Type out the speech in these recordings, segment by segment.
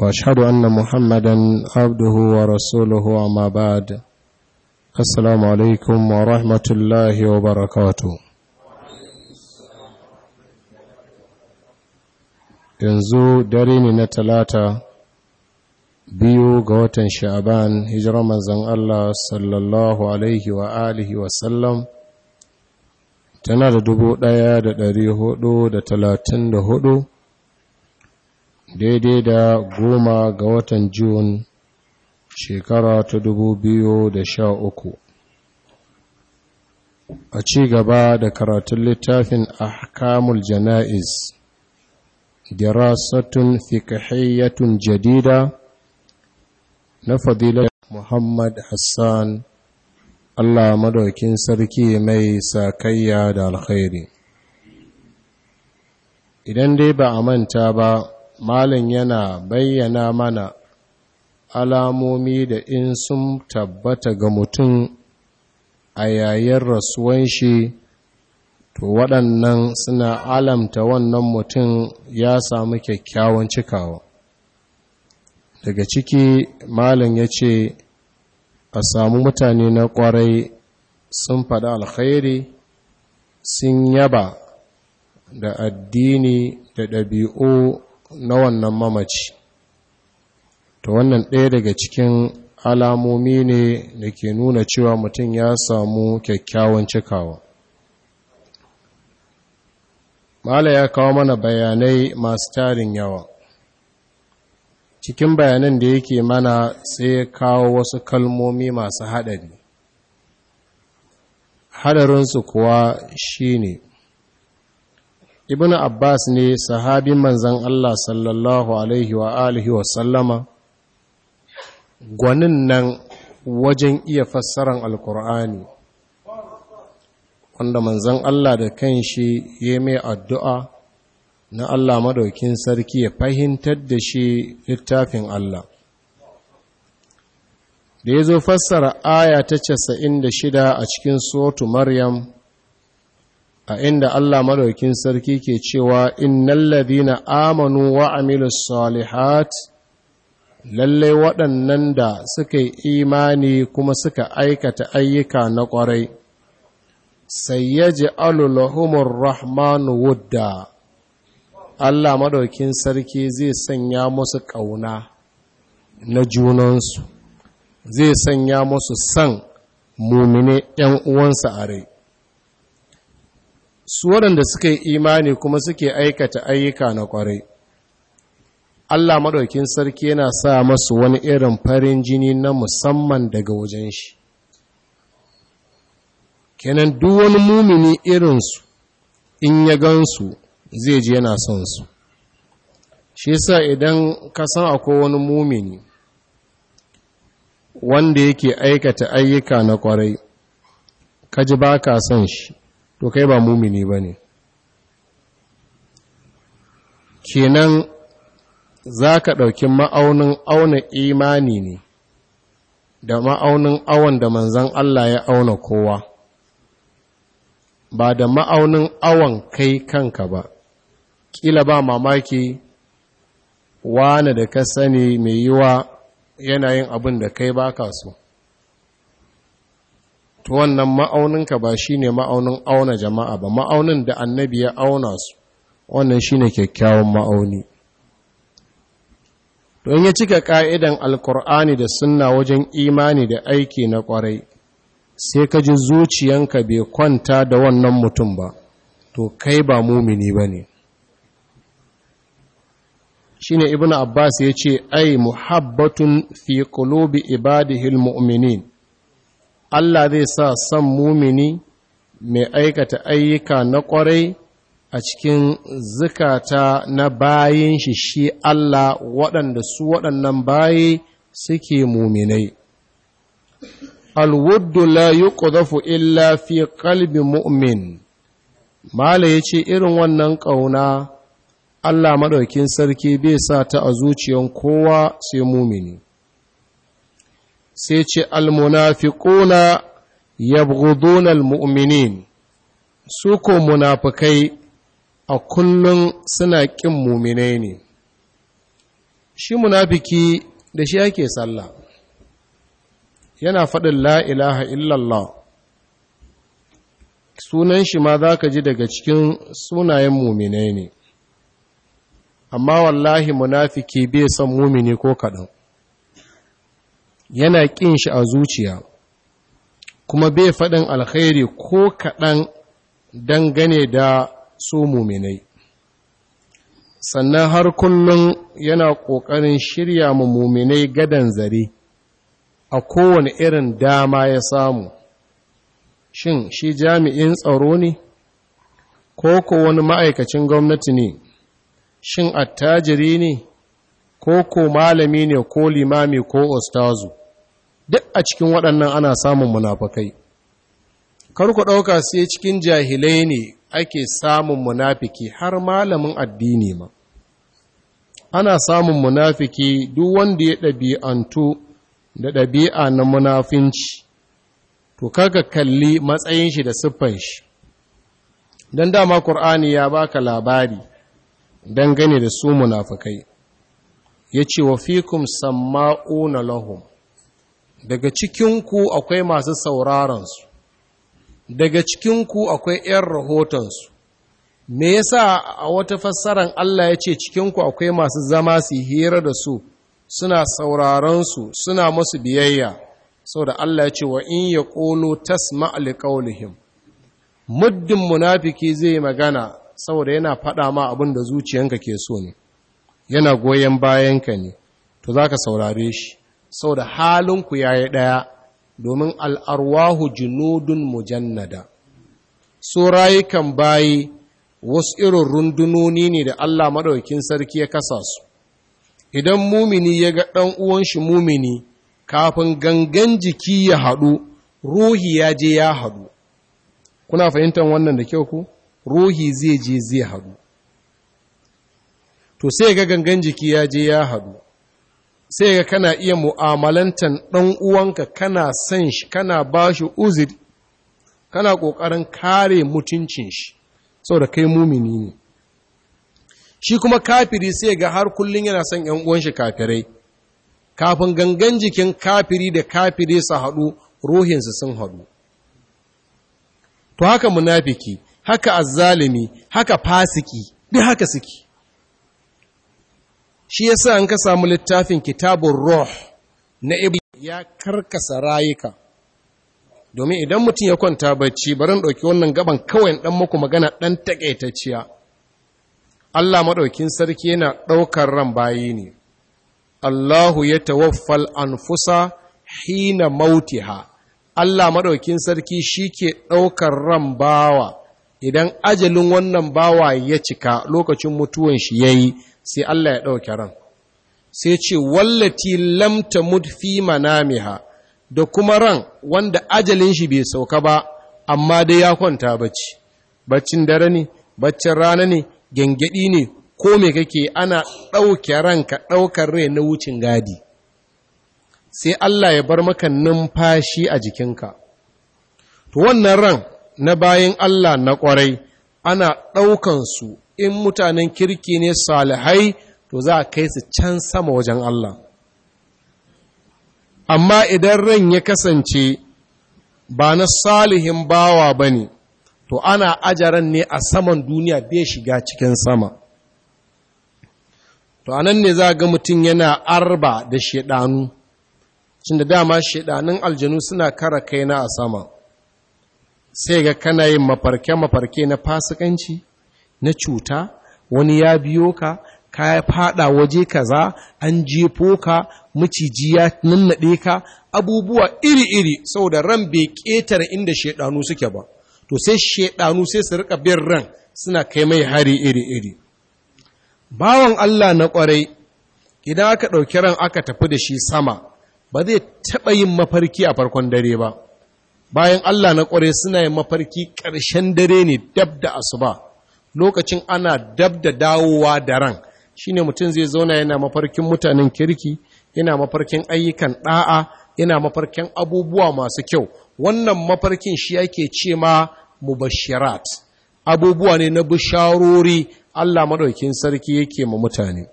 واشهد ان محمدا عبده ورسوله اما بعد السلام عليكم ورحمه الله وبركاته yanzu dare ne na talata biyu ga watan sha'aban hijirar manzan Allah sallallahu alaihi wa alihi wasallam tana da dubu ɗaya da ɗari hudu da talatin da hudu daidai da goma ga watan Jun shekara ta dubu biyu da sha uku. A ci gaba da karatun littafin Ahkamul Jana'iz, Dirasatun Fikahiyyatun Jadida na Fadilar Muhammad Hassan, Allah Madaukin Sarki mai sakayya da alkhairi. Idan dai ba a manta ba, malin yana bayyana mana alamomi da in sun tabbata ga mutum a yayin rasuwan shi to waɗannan suna alamta wannan mutum ya samu kyakkyawan cikawa daga ciki malin ya ce a samu mutane na ƙwarai sun faɗa alkhairi sun yaba da addini da ɗabi'u na wannan mamaci to wannan ɗaya daga cikin alamomi ne da ke nuna cewa mutum ya samu kyakkyawan cikawa mala ya kawo mana bayanai masu tarin yawa cikin bayanan da yake mana sai ya kawo wasu kalmomi masu haɗari haɗarinsu kuwa shine ibn abbas ne sahabin manzan allah sallallahu alaihi wa alihi wa sallama gwanin nan wajen iya fassaran alkur'ani wanda manzan allah da kan shi ya mai addu'a na allah madaukin sarki ya fahimtar da shi littafin allah da ya zo fassara aya ta 96 a cikin sotu maryam a inda Allah madaukin sarki ke cewa innal ladina amanu wa amilus salihat lallai waɗannan da suka yi imani kuma suka aikata ayyuka na ƙwarai sayyaji alulahumur rahmanu wudda Allah madaukin sarki zai sanya musu ƙauna na junansu zai sanya musu san mumine ‘yan uwansa a rai su waɗanda suka yi imani kuma suke aikata ayyuka na ƙwarai Allah maɗaukin sarki yana sa masu wani irin farin jini na musamman daga wajen shi kenan duk wani mumini irinsu in ya gansu zai ji yana son su shi sa idan ka san akwai wani mumini wanda yake aikata ayyuka na ƙwarai ka ji ba ka son shi to kai ba mumini ba ne kenan za ka ɗauki ma'aunin auna imani ne da ma'aunin awon da manzan Allah ya auna kowa ba da ma'aunin awon kai kanka ba ƙila ba mamaki wane da ka sani mai yiwa yanayin abin da kai ba ka so to wannan ma'auninka ba shi ne ma'aunin auna jama'a ba ma'aunin da annabi ya auna su wannan shi ne kyakkyawan ma'auni don ya cika ka'idan alkur'ani da sunna wajen imani da aiki na kwarai sai ka ji zuciyanka bai kwanta da wannan mutum ba to kai ba mumini ba ne shi ne ibn abbas ya ce ai muhabbatun fi kulubi ibadihil mu'minin Allah zai sa san mumini mai aikata ayyuka na ƙwarai a cikin zukata na bayin shi shi Allah waɗanda su waɗannan bayi suke muminai. Alwuddu la yuqdhafu illa fi kalbi mu'min. Mala ya ce irin wannan ƙauna Allah maɗaukin sarki bai sa ta a zuciyan kowa sai mumini. sai ce almunafiquna na almu'minin su ko munafukai a kullum suna ƙin muminai ne shi munafiki da shi ake sallah yana faɗin la ilaha illallah sunan shi ma za ka ji daga cikin sunayen muminai ne amma wallahi munafiki bai son mumini ko kaɗan yana ƙin shi a zuciya kuma bai faɗin alkhairi ko kaɗan dangane da su muminai sannan har kullum yana ƙoƙarin shirya mu muminai gadan zare a kowane irin dama ya samu shin shi jami'in tsaro ne ko ko wani ma'aikacin gwamnati ne shin attajiri ne ko ko malami ne ko limami ko ostazu duk a cikin waɗannan ana samun munafakai kar ku ɗauka sai cikin jahilai ne ake samun munafiki har malamin addini ma ana samun munafiki duk wanda ya ɗabi'antu da ɗabi'a na munafinci to kaga kalli matsayin shi da siffan shi don dama ƙur'ani ya baka labari dangane da su munafikai ya ce wa fikum samma'una lahum daga cikinku akwai masu sauraronsu daga cikinku akwai 'yan rahotonsu me yasa a wata fassarar Allah ya ce cikinku akwai masu zama su hira da su suna sauraronsu suna masu biyayya saboda Allah ya ce wa in ya ƙolo tasma alƙaulihim muddin munafiki zai yi magana saboda yana faɗa ma abin da zuciyanka ke so ne yana goyon bayanka ne to za ka saurare shi sau da halinku ya yi ɗaya domin al'arwahu junudun mujannada su rayukan bayi wasu irin rundunoni ne da Allah maɗaukin sarki ya kasa su idan mumini ya ga ɗan uwanshi mumini kafin gangan jiki ya haɗu ruhi ya je ya haɗu kuna fahimtar wannan da kyau ku ruhi zai je zai haɗu to sai ga gangan jiki ya je ya haɗu sai ga kana iya mu'amalantan ɗan uwanka kana san shi kana ba shi uzir kana ƙoƙarin kare mutuncin shi sau da kai mumini ne shi kuma kafiri sai ga har kullum yana son ‘yan uwan shi kafirai kafin gangan jikin kafiri da kafiri su haɗu ruhinsu sun haɗu to haka munafiki haka azzalimi haka fasiki duk haka suke shi ya sa an ka samu littafin kitabun roh na ibi ya karkasa rayuka domin idan mutum ya kwanta bacci barin ɗauki wannan gaban kawai ɗan muku magana ɗan taƙaitacciya Allah maɗaukin sarki yana ɗaukar ran bayi ne Allahu ya tawaffal anfusa hina mautiha Allah maɗaukin sarki shi ke ɗaukar ran bawa idan ajalin wannan bawa ya cika lokacin mutuwan shi ya yi sai Allah ya ɗauke ran sai ce wallati lamta mudfi manamiha da kuma ran wanda ajalin shi bai sauka ba amma dai ya kwanta bacci baccin dare ne baccin rana ne gyangyaɗi ne ko me kake ana ɗauke ranka ɗaukar rai na wucin gadi sai Allah ya bar maka numfashi a jikinka to wannan ran na bayan Allah na ƙwarai ana ɗaukansu in mutanen kirki ne salihai to za a kai su can sama wajen Allah amma idan ran ya kasance ba na salihin bawa ba ne to ana ajaran ne a saman duniya bai shiga cikin sama to anan ne za ga mutum yana arba da shaidanu cin da dama shaidanun aljanu suna kara kai na a sama sai ga kana yin mafarke-mafarke na fasikanci na cuta wani ya biyo ka ka fada waje kaza an jefo ka maciji ya nannaɗe ka abubuwa iri-iri saboda ran bai ƙetare inda shaidanu suke ba to sai shaidanu sai su rika bin ran suna kai mai hari iri-iri bawan Allah na ƙwarai idan aka ɗauki ran aka tafi da shi sama ba zai taɓa yin mafarki a farkon dare ba bayan Allah na ƙwarai suna yin mafarki ƙarshen dare ne dab da asuba lokacin ana dab da dawowa da ran ne mutum zai zauna yana mafarkin mutanen kirki yana mafarkin ayyukan ɗa'a yana mafarkin abubuwa masu kyau wannan mafarkin shi yake ce ma mubashirat abubuwa ne na bisharori Allah maɗaukin sarki yake ma mutane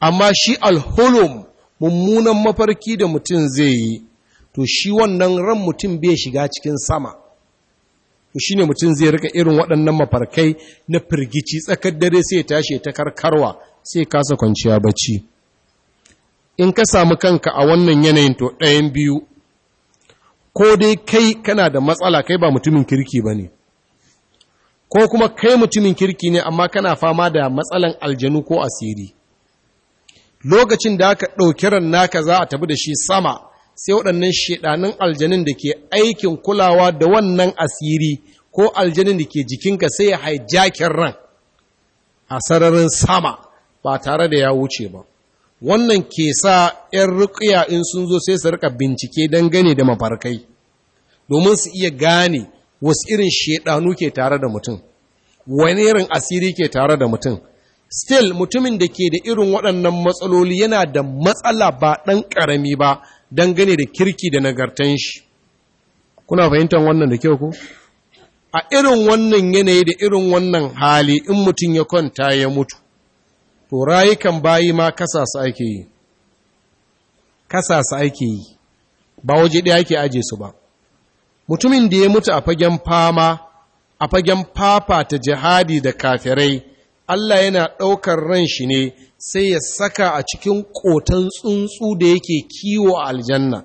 amma shi alholum mummunan mafarki da mutum zai yi to shi wannan ran mutum bai shiga cikin sama shi ne mutum zai rika irin waɗannan mafarkai na firgici tsakar dare sai tashi ta karkarwa sai kasa kwanciya bacci in ka samu kanka a wannan yanayin to ɗayan biyu ko dai kai kana da matsala kai ba mutumin kirki ba ne ko kuma kai mutumin kirki ne amma kana fama da matsalan aljanu ko asiri lokacin da aka ɗauki ran naka za a tabi da shi sama sai waɗannan shaɗanin aljanin da ke aikin kulawa da wannan asiri ko aljanin da ke jikinka sai ya haijakin ran a sararin sama ba tare da ya wuce ba wannan ke sa 'yan rukuya in sun zo sai su rika bincike don gane da mafarkai domin su iya gane wasu irin shaɗanu ke tare da mutum wani irin asiri ke tare da mutum still mutumin da ke da irin waɗannan matsaloli yana da matsala ba ɗan ƙarami ba dangane da kirki da nagartan shi kuna fahimtar wannan da kyau ko a irin wannan yanayi da irin wannan hali in mutum ya kwanta ya mutu to rayukan bayi ma kasa su ake yi kasa su ake yi ba waje ɗaya ake aje su ba mutumin da ya mutu a fagen fama a fagen fafa ta jihadi da kafirai Allah yana ɗaukar ran shi ne sai ya saka a cikin ƙoton tsuntsu da yake kiwo a aljanna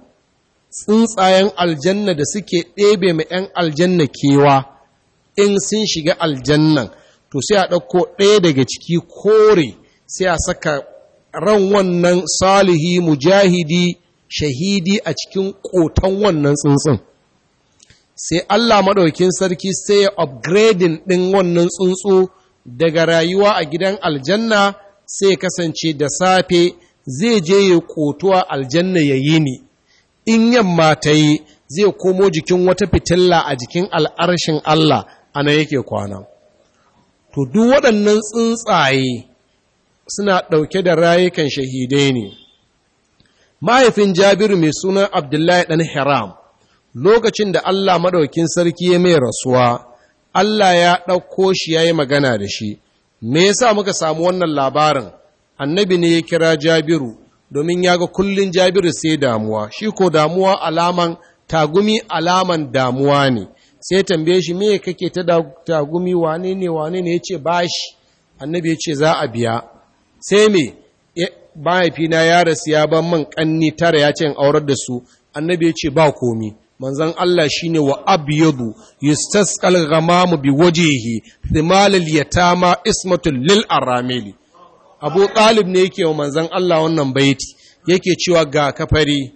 tsuntsayen aljanna da suke ɗebe ma 'yan aljanna kewa in sun shiga aljannan to sai a ɗauko ɗaya daga ciki kore sai a saka ran wannan salihi mujahidi shahidi a cikin ƙoton wannan tsuntsun sai Allah maɗaukin sarki sai ya upgrading ɗin wannan tsuntsu daga rayuwa a gidan aljanna sai kasance da safe zai je ya kotuwa aljanna ya yi ni in yamma ta yi zai komo jikin wata fitilla a jikin al'arshin Allah a nan yake kwana to duk waɗannan tsuntsaye suna ɗauke da rayukan shahidai ne mahaifin jabiru mai sunan abdullahi ɗan hiram lokacin da Allah maɗaukin sarki ya mai rasuwa Allah ya ɗauko shi ya yi magana da shi me yasa muka samu wannan labarin annabi ne ya kira jabiru domin ya ga kullum jabiru sai damuwa shi ko damuwa alaman tagumi alaman damuwa ne sai tambaye shi me kake ta tagumi wane ne wane ne yace bashi annabi yace za a biya sai me mahaifina ya rasu ya ban man kanni tara ya ce in aurar da su annabi yace ba komi Manzan Allah shi ne wa abyadu yustasqal ghamamu bi wajhihi thimal al yatama ismatul lil aramili Abu ɗalib ne yake wa manzan Allah wannan baiti yake cewa ga ka kafari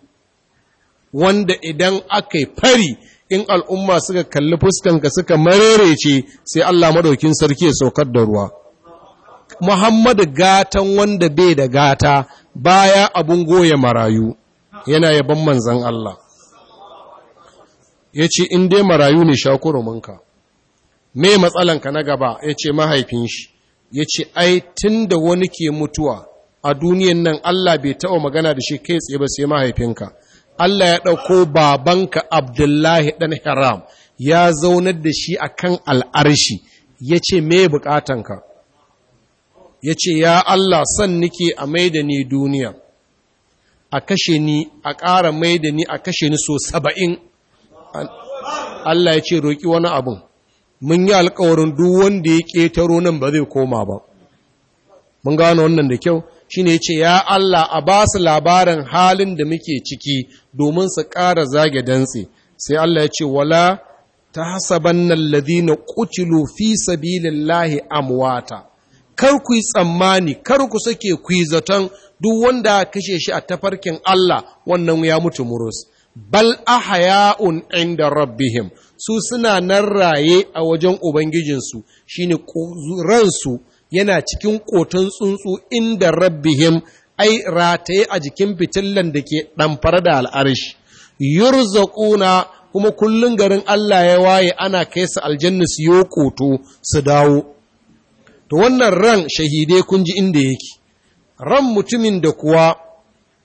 wanda idan akai fari in al'umma suka kalli fuskanka suka marerece sai Allah maɗaukin sarki ya saukar da ruwa Muhammadu gatan wanda bai da gata baya abin goya marayu yana yaban manzan Allah ya ce in dai marayu ne sha mai me matsalanka na gaba ya ce mahaifin shi ya ce ai tun da wani ke mutuwa a duniyan nan Allah bai taɓa magana da shi kai tsaye ba sai mahaifinka Allah ya ɗauko babanka Abdullahi ɗan Haram ya zaunar da shi a kan al'arshi ya ce me ka? ya ce ya Allah son nike a mai da ni duniya a kashe ni a ƙara mai da ni a kashe ni so saba'in Allah ya ce roƙi wani abin mun yi alkawarin duk wanda ya ƙetaro nan ba zai koma ba mun gano wannan da kyau shine ya ce ya Allah a ba su labarin halin da muke ciki domin su ƙara zage dantse sai Allah ya ce wala ta hasabanna alladhina qutilu fi sabilillahi amwata kar ku yi tsammani kar ku sake ku zaton duk wanda kashe shi a tafarkin Allah wannan ya mutu murus bal ahaya'un inda rabbihim su suna nan raye a wajen ubangijinsu shine ransu yana cikin ƙoton tsuntsu inda rabbihim ai rataye a jikin fitillan da ke ɗamfar da al'arshi yurzaquna kuma kullum garin Allah ya waye ana kai su aljanna su yo koto su dawo to wannan ran shahide kun ji inda yake ran mutumin da kuwa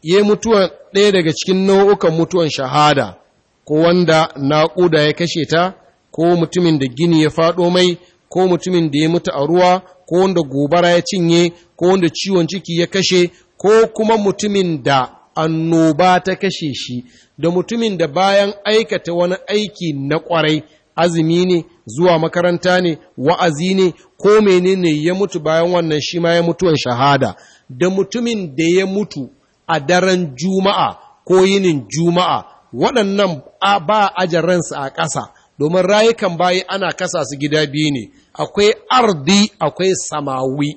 ya mutuwa ɗaya daga cikin nau'ukan mutuwan shahada ko wanda naƙuda ya kashe ta ko mutumin da gini ya faɗo mai ko mutumin da ya mutu a ruwa ko wanda gobara ya cinye ko wanda ciwon ciki ya kashe ko kuma mutumin da annoba ta kashe shi da mutumin da bayan aikata wani aiki na ƙwarai azumi ne zuwa makaranta ne wa'azi ne ko menene ya mutu bayan wannan shi ma ya mutuwan shahada da mutumin da ya mutu a daren juma'a ko yinin juma'a waɗannan ba ajaransu a ƙasa domin rayukan bayi ana kasa su gida biyu ne akwai ardi akwai samawi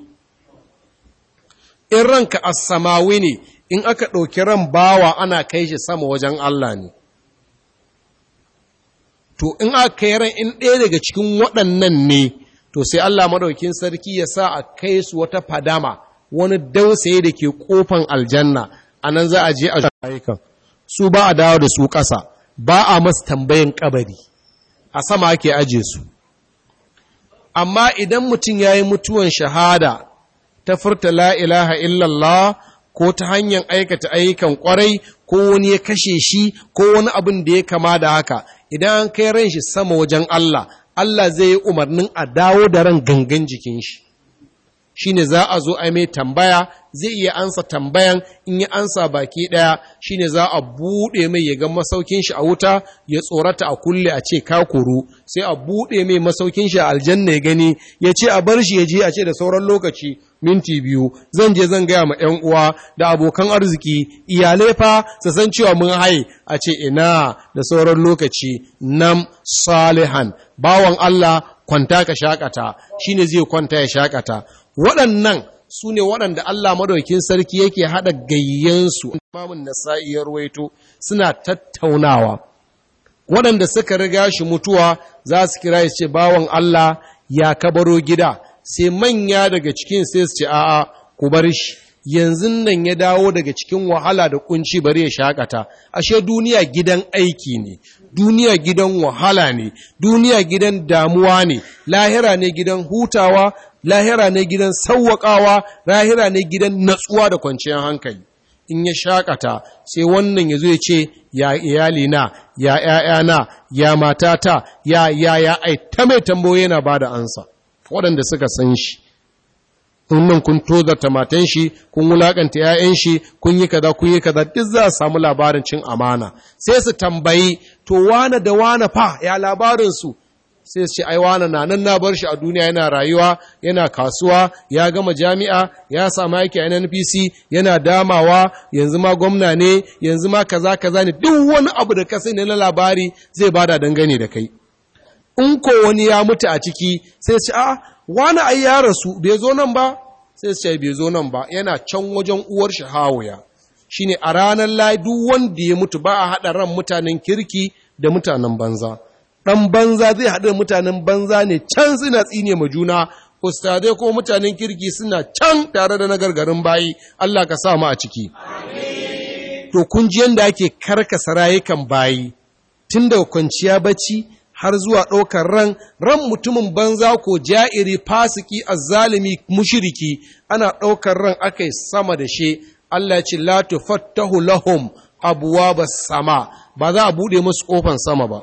in ranka a samawi ne in aka ɗauki ran bawa ana kai shi sama wajen Allah ne to in aka kai ran in ɗaya daga cikin waɗannan ne to sai Allah maɗaukin sarki ya sa a kai su wata fadama wani dausaye da ke kofan aljanna a nan za a je a ayyukan su ba a dawo da su ƙasa ba a masu tambayin kabari a sama ake aje su amma idan mutum ya yi mutuwan shahada ta furta la ilaha illallah ko ta hanyar aikata ayyukan kwarai ko wani ya kashe shi ko wani abin da ya kama da haka idan an kai ran shi sama wajen Allah Allah zai yi umarnin a dawo da ran gangan jikin shi shine za a zo a mai tambaya zai iya ansa tambayan in yi ansa baki ɗaya shine za a buɗe mai ya ga masaukin shi a wuta ya tsorata a kulle a ce kakuru. sai a buɗe mai masaukin shi a aljanna ya gani ya ce a bar shi ya je a ce da sauran lokaci minti biyu zan je zan gaya ma 'yan uwa da abokan arziki iyalai fa su san cewa mun haye a ce ina da sauran lokaci nam salihan bawan Allah kwanta ka shakata ne zai kwanta ya shakata waɗannan su ne waɗanda Allah madaukin sarki yake haɗa gayyansu mamun nasa'i ya ruwaito suna tattaunawa waɗanda suka riga shi mutuwa za su kira ya ce bawan Allah ya kabaro gida sai manya daga cikin sai su ce a'a ku bar shi yanzu nan ya dawo daga cikin wahala da kunci bari ya shakata ashe duniya gidan aiki ne duniya gidan wahala ne duniya gidan damuwa ne lahira ne gidan hutawa lahira ne gidan sauwaƙawa lahira ne gidan natsuwa da kwanciyar hankali in ya shakata sai wannan ya zo ya ce ya iyalina ya ‘ya'yana ya matata ya ya ya ai ta mai tambayo yana ba da ansa waɗanda suka san shi nan kun tozarta matan shi kun wulaƙanta ‘ya'yan shi kun yi kaza kun yi kaza duk za a samu labarin cin amana sai su tambayi to wane da wane fa ya labarinsu sai su ce ai wani na nan na bar shi a duniya yana rayuwa yana kasuwa ya gama jami'a ya samu aiki a NNPC yana damawa yanzu ma gwamna ne yanzu ma kaza kaza ne duk wani abu da ka sani na labari zai bada dangane da kai in ko wani ya mutu a ciki sai ce a ah, wani ai ya rasu bai zo nan ba sai ce bai zo nan ba yana can wajen uwar shi hawuya shine a ranar lai duk wanda ya mutu ba a haɗa ran mutanen kirki da mutanen banza ɗan banza zai haɗu da mutanen banza ne can suna tsine ma juna ustadai ko mutanen kirki suna can tare da na gargarin bayi Allah ka sa mu a ciki to kun ji yanda ake karkasa rayukan bayi tun da kwanciya bacci har zuwa ɗaukar ran ran mutumin banza ko ja'iri fasiki azzalimi mushiriki ana ɗaukar ran akai sama da shi Allah ya ce la tufattahu lahum ba sama ba za a buɗe musu kofan sama ba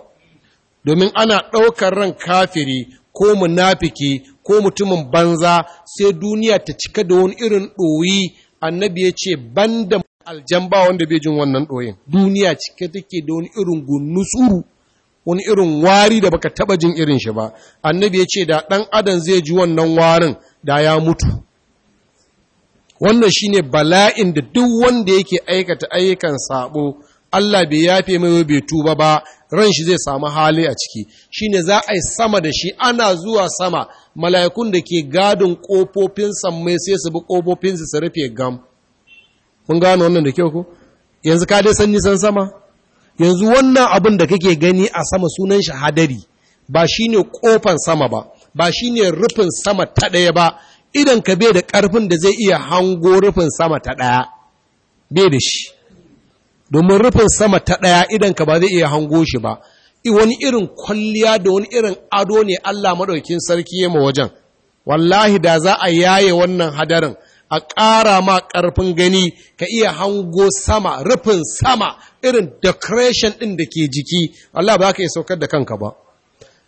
domin ana ɗaukar ran kafiri ko munafiki ko mutumin banza sai duniya ta cika da wani irin ɗoyi annabi ya ce ban da aljan ba wanda bai jin wannan ɗoyin duniya cike take da wani irin gunnusuru wani irin wari da baka taba jin irin shi ba annabi ya ce da ɗan adam zai ji wannan warin da ya mutu wannan shine bala'in da duk wanda yake aikata ayyukan sabo Allah bai yafe mai bai tuba ba ran shi zai samu hali a ciki shine za a yi sama da shi ana zuwa sama mala'ikun da ke gadin kofofin mai sai su bi kofofin su rufe gam mun gano wannan da kyau ko yanzu ka dai san nisan sama yanzu wannan abin da kake gani a sama sunan shi hadari ba shine kofan sama ba ba shine rufin sama ta ɗaya ba idan ka bai da ƙarfin da zai iya hango rufin sama ta ɗaya bai da shi domin rufin sama ta ɗaya idan ka ba zai iya hango shi ba wani irin kwalliya da wani irin ado ne Allah maɗaukin sarki ya wajen wallahi da za a yaye wannan hadarin a ƙara ma ƙarfin gani ka iya hango sama rufin sama irin decoration ɗin da ke jiki Allah ba ka iya saukar da kanka ba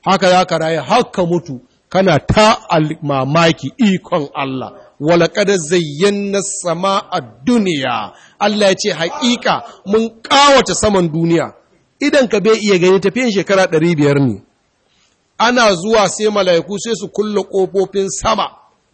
haka za ka raya, haka mutu kana ta mamaki ikon Allah walaƙad zayyana sama a duniya Allah ya ce haƙiƙa mun ƙawata saman duniya idan ka bai iya gani tafiyan shekara ɗari biyar ne ana zuwa sai malayaku sai su kulle ƙofofin sama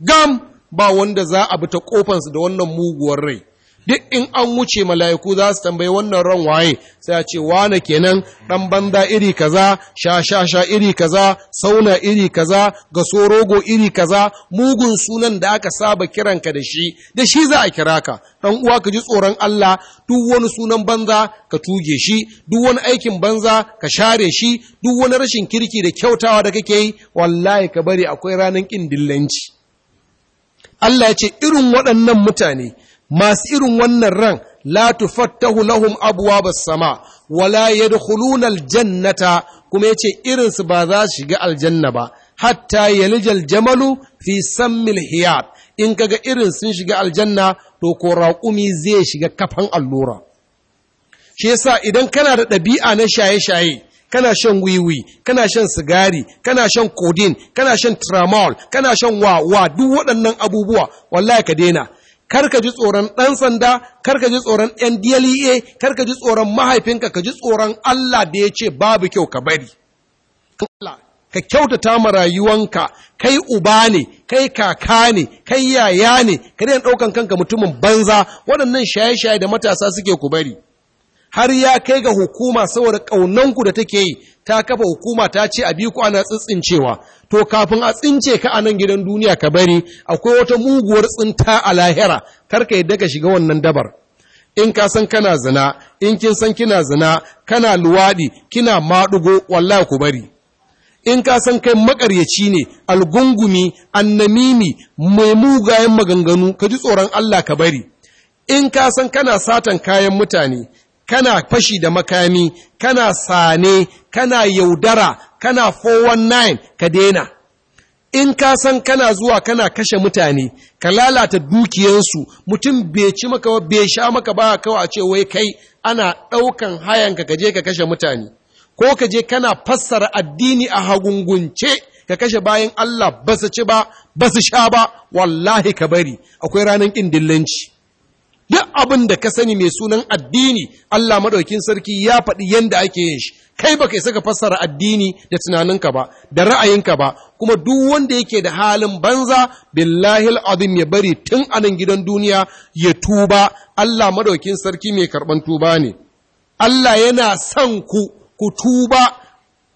gam ba wanda za a bi ta ƙofansu da wannan muguwar rai duk in an wuce mala'iku za su tambayi wannan ran waye sai a ce wane kenan ɗan banza iri kaza sha sha sha iri kaza sauna iri kaza ga sorogo iri kaza mugun sunan da aka saba kiranka da shi da shi za a kira ka ɗan uwa ka ji tsoron Allah duk wani sunan banza ka tuge shi duk wani aikin banza ka share shi duk wani rashin kirki da kyautawa da kake yi wallahi ka bari akwai ranar ƙin dillanci Allah ya ce irin waɗannan mutane masu irin wannan ran la tufattahu lahum ba sama wala yadkhuluna aljannata kuma yace irin su ba za su shiga aljanna ba hatta yalijal jamalu fi sammil hiyat in kaga irin sun shiga aljanna to ko raƙumi zai shiga kafan allura shi yasa idan kana da ɗabi'a na shaye-shaye kana shan wiwi kana shan sigari kana shan codeine kana shan tramol kana shan wawa duk waɗannan abubuwa wallahi ka daina kar ka ji tsoron ɗan sanda kar ka ji tsoron yan dla e kar ka ji tsoron mahaifinka ka ji tsoron allah da ya ce babu kyau ka bari ka kyautata ma rayuwanka kai uba ne kai kaka ne kai yaya ne ka ɗaukan kanka mutumin banza waɗannan shaye-shaye da matasa suke ku bari har ya kai ga hukuma saboda ƙaunanku da take yi ta kafa hukuma ta ce a biyu ku ana tsintsincewa to kafin a tsince ka a nan gidan duniya ka bari akwai wata muguwar tsinta a lahira kar ka yadda ka shiga wannan dabar in ka san kana zina in kin san kina zina kana luwaɗi kina maɗugo wallahi ku bari in ka san kai makaryaci ne algungumi annamimi mai mugayen maganganu ka ji tsoron Allah ka bari in ka san kana satan kayan mutane kana fashi da makami kana sane kana yaudara kana 419 ka daina in ka san kana zuwa kana kashe mutane ka lalata dukiyansu mutum bai ci maka bai sha maka ba kawai a ce wai kai ana ɗaukan hayanka ka je ka kashe mutane ko ka je kana fassara addini a hagungunce ka kashe bayan Allah ba su ci ba ba su sha ba wallahi ka bari akwai ranar ƙin dillanci duk abin da ka sani mai sunan addini Allah maɗaukin sarki ya faɗi yadda ake yin shi kai baka isa saka fassara addini da tunaninka ba da ra'ayinka ba kuma duk wanda yake da halin banza billahi azim ya bari tun anan gidan duniya ya tuba Allah maɗaukin sarki mai karɓan tuba ne Allah yana son ku ku tuba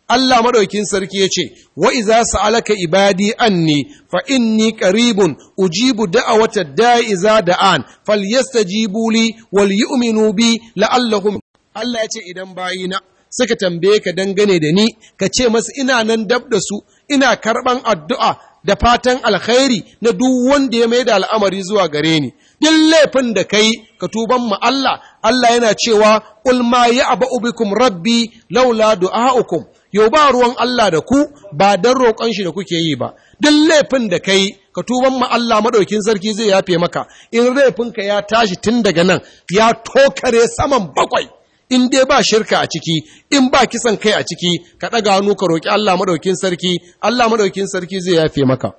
Allah madaukin sarki ya ce, Wa iza sa'alaka ibadi anni fa inni qaribun ujibu da'awata iza da'an fal yastajibu li wal yu'minu bi la'allahum Allah ya ce idan bayina suka tambaye ka dangane da ni ka ce masu ina nan dab da su ina karɓan addu'a da fatan alkhairi na duk wanda ya mai da al'amari zuwa gare ni duk laifin da kai ka tuban mu Allah Allah yana cewa ulma ma ya'ba'u bikum rabbi laula du'a'ukum yau ba ruwan Allah da ku ba dan roƙon shi da kuke yi ba duk laifin da ka yi ka tuban ma Allah maɗaukin sarki zai yafe maka in laifin ka ya tashi tun daga nan ya tokare saman bakwai in dai ba shirka a ciki in ba kisan kai a ciki ka ɗaga hannu ka roƙi Allah maɗaukin sarki Allah maɗaukin sarki zai yafe maka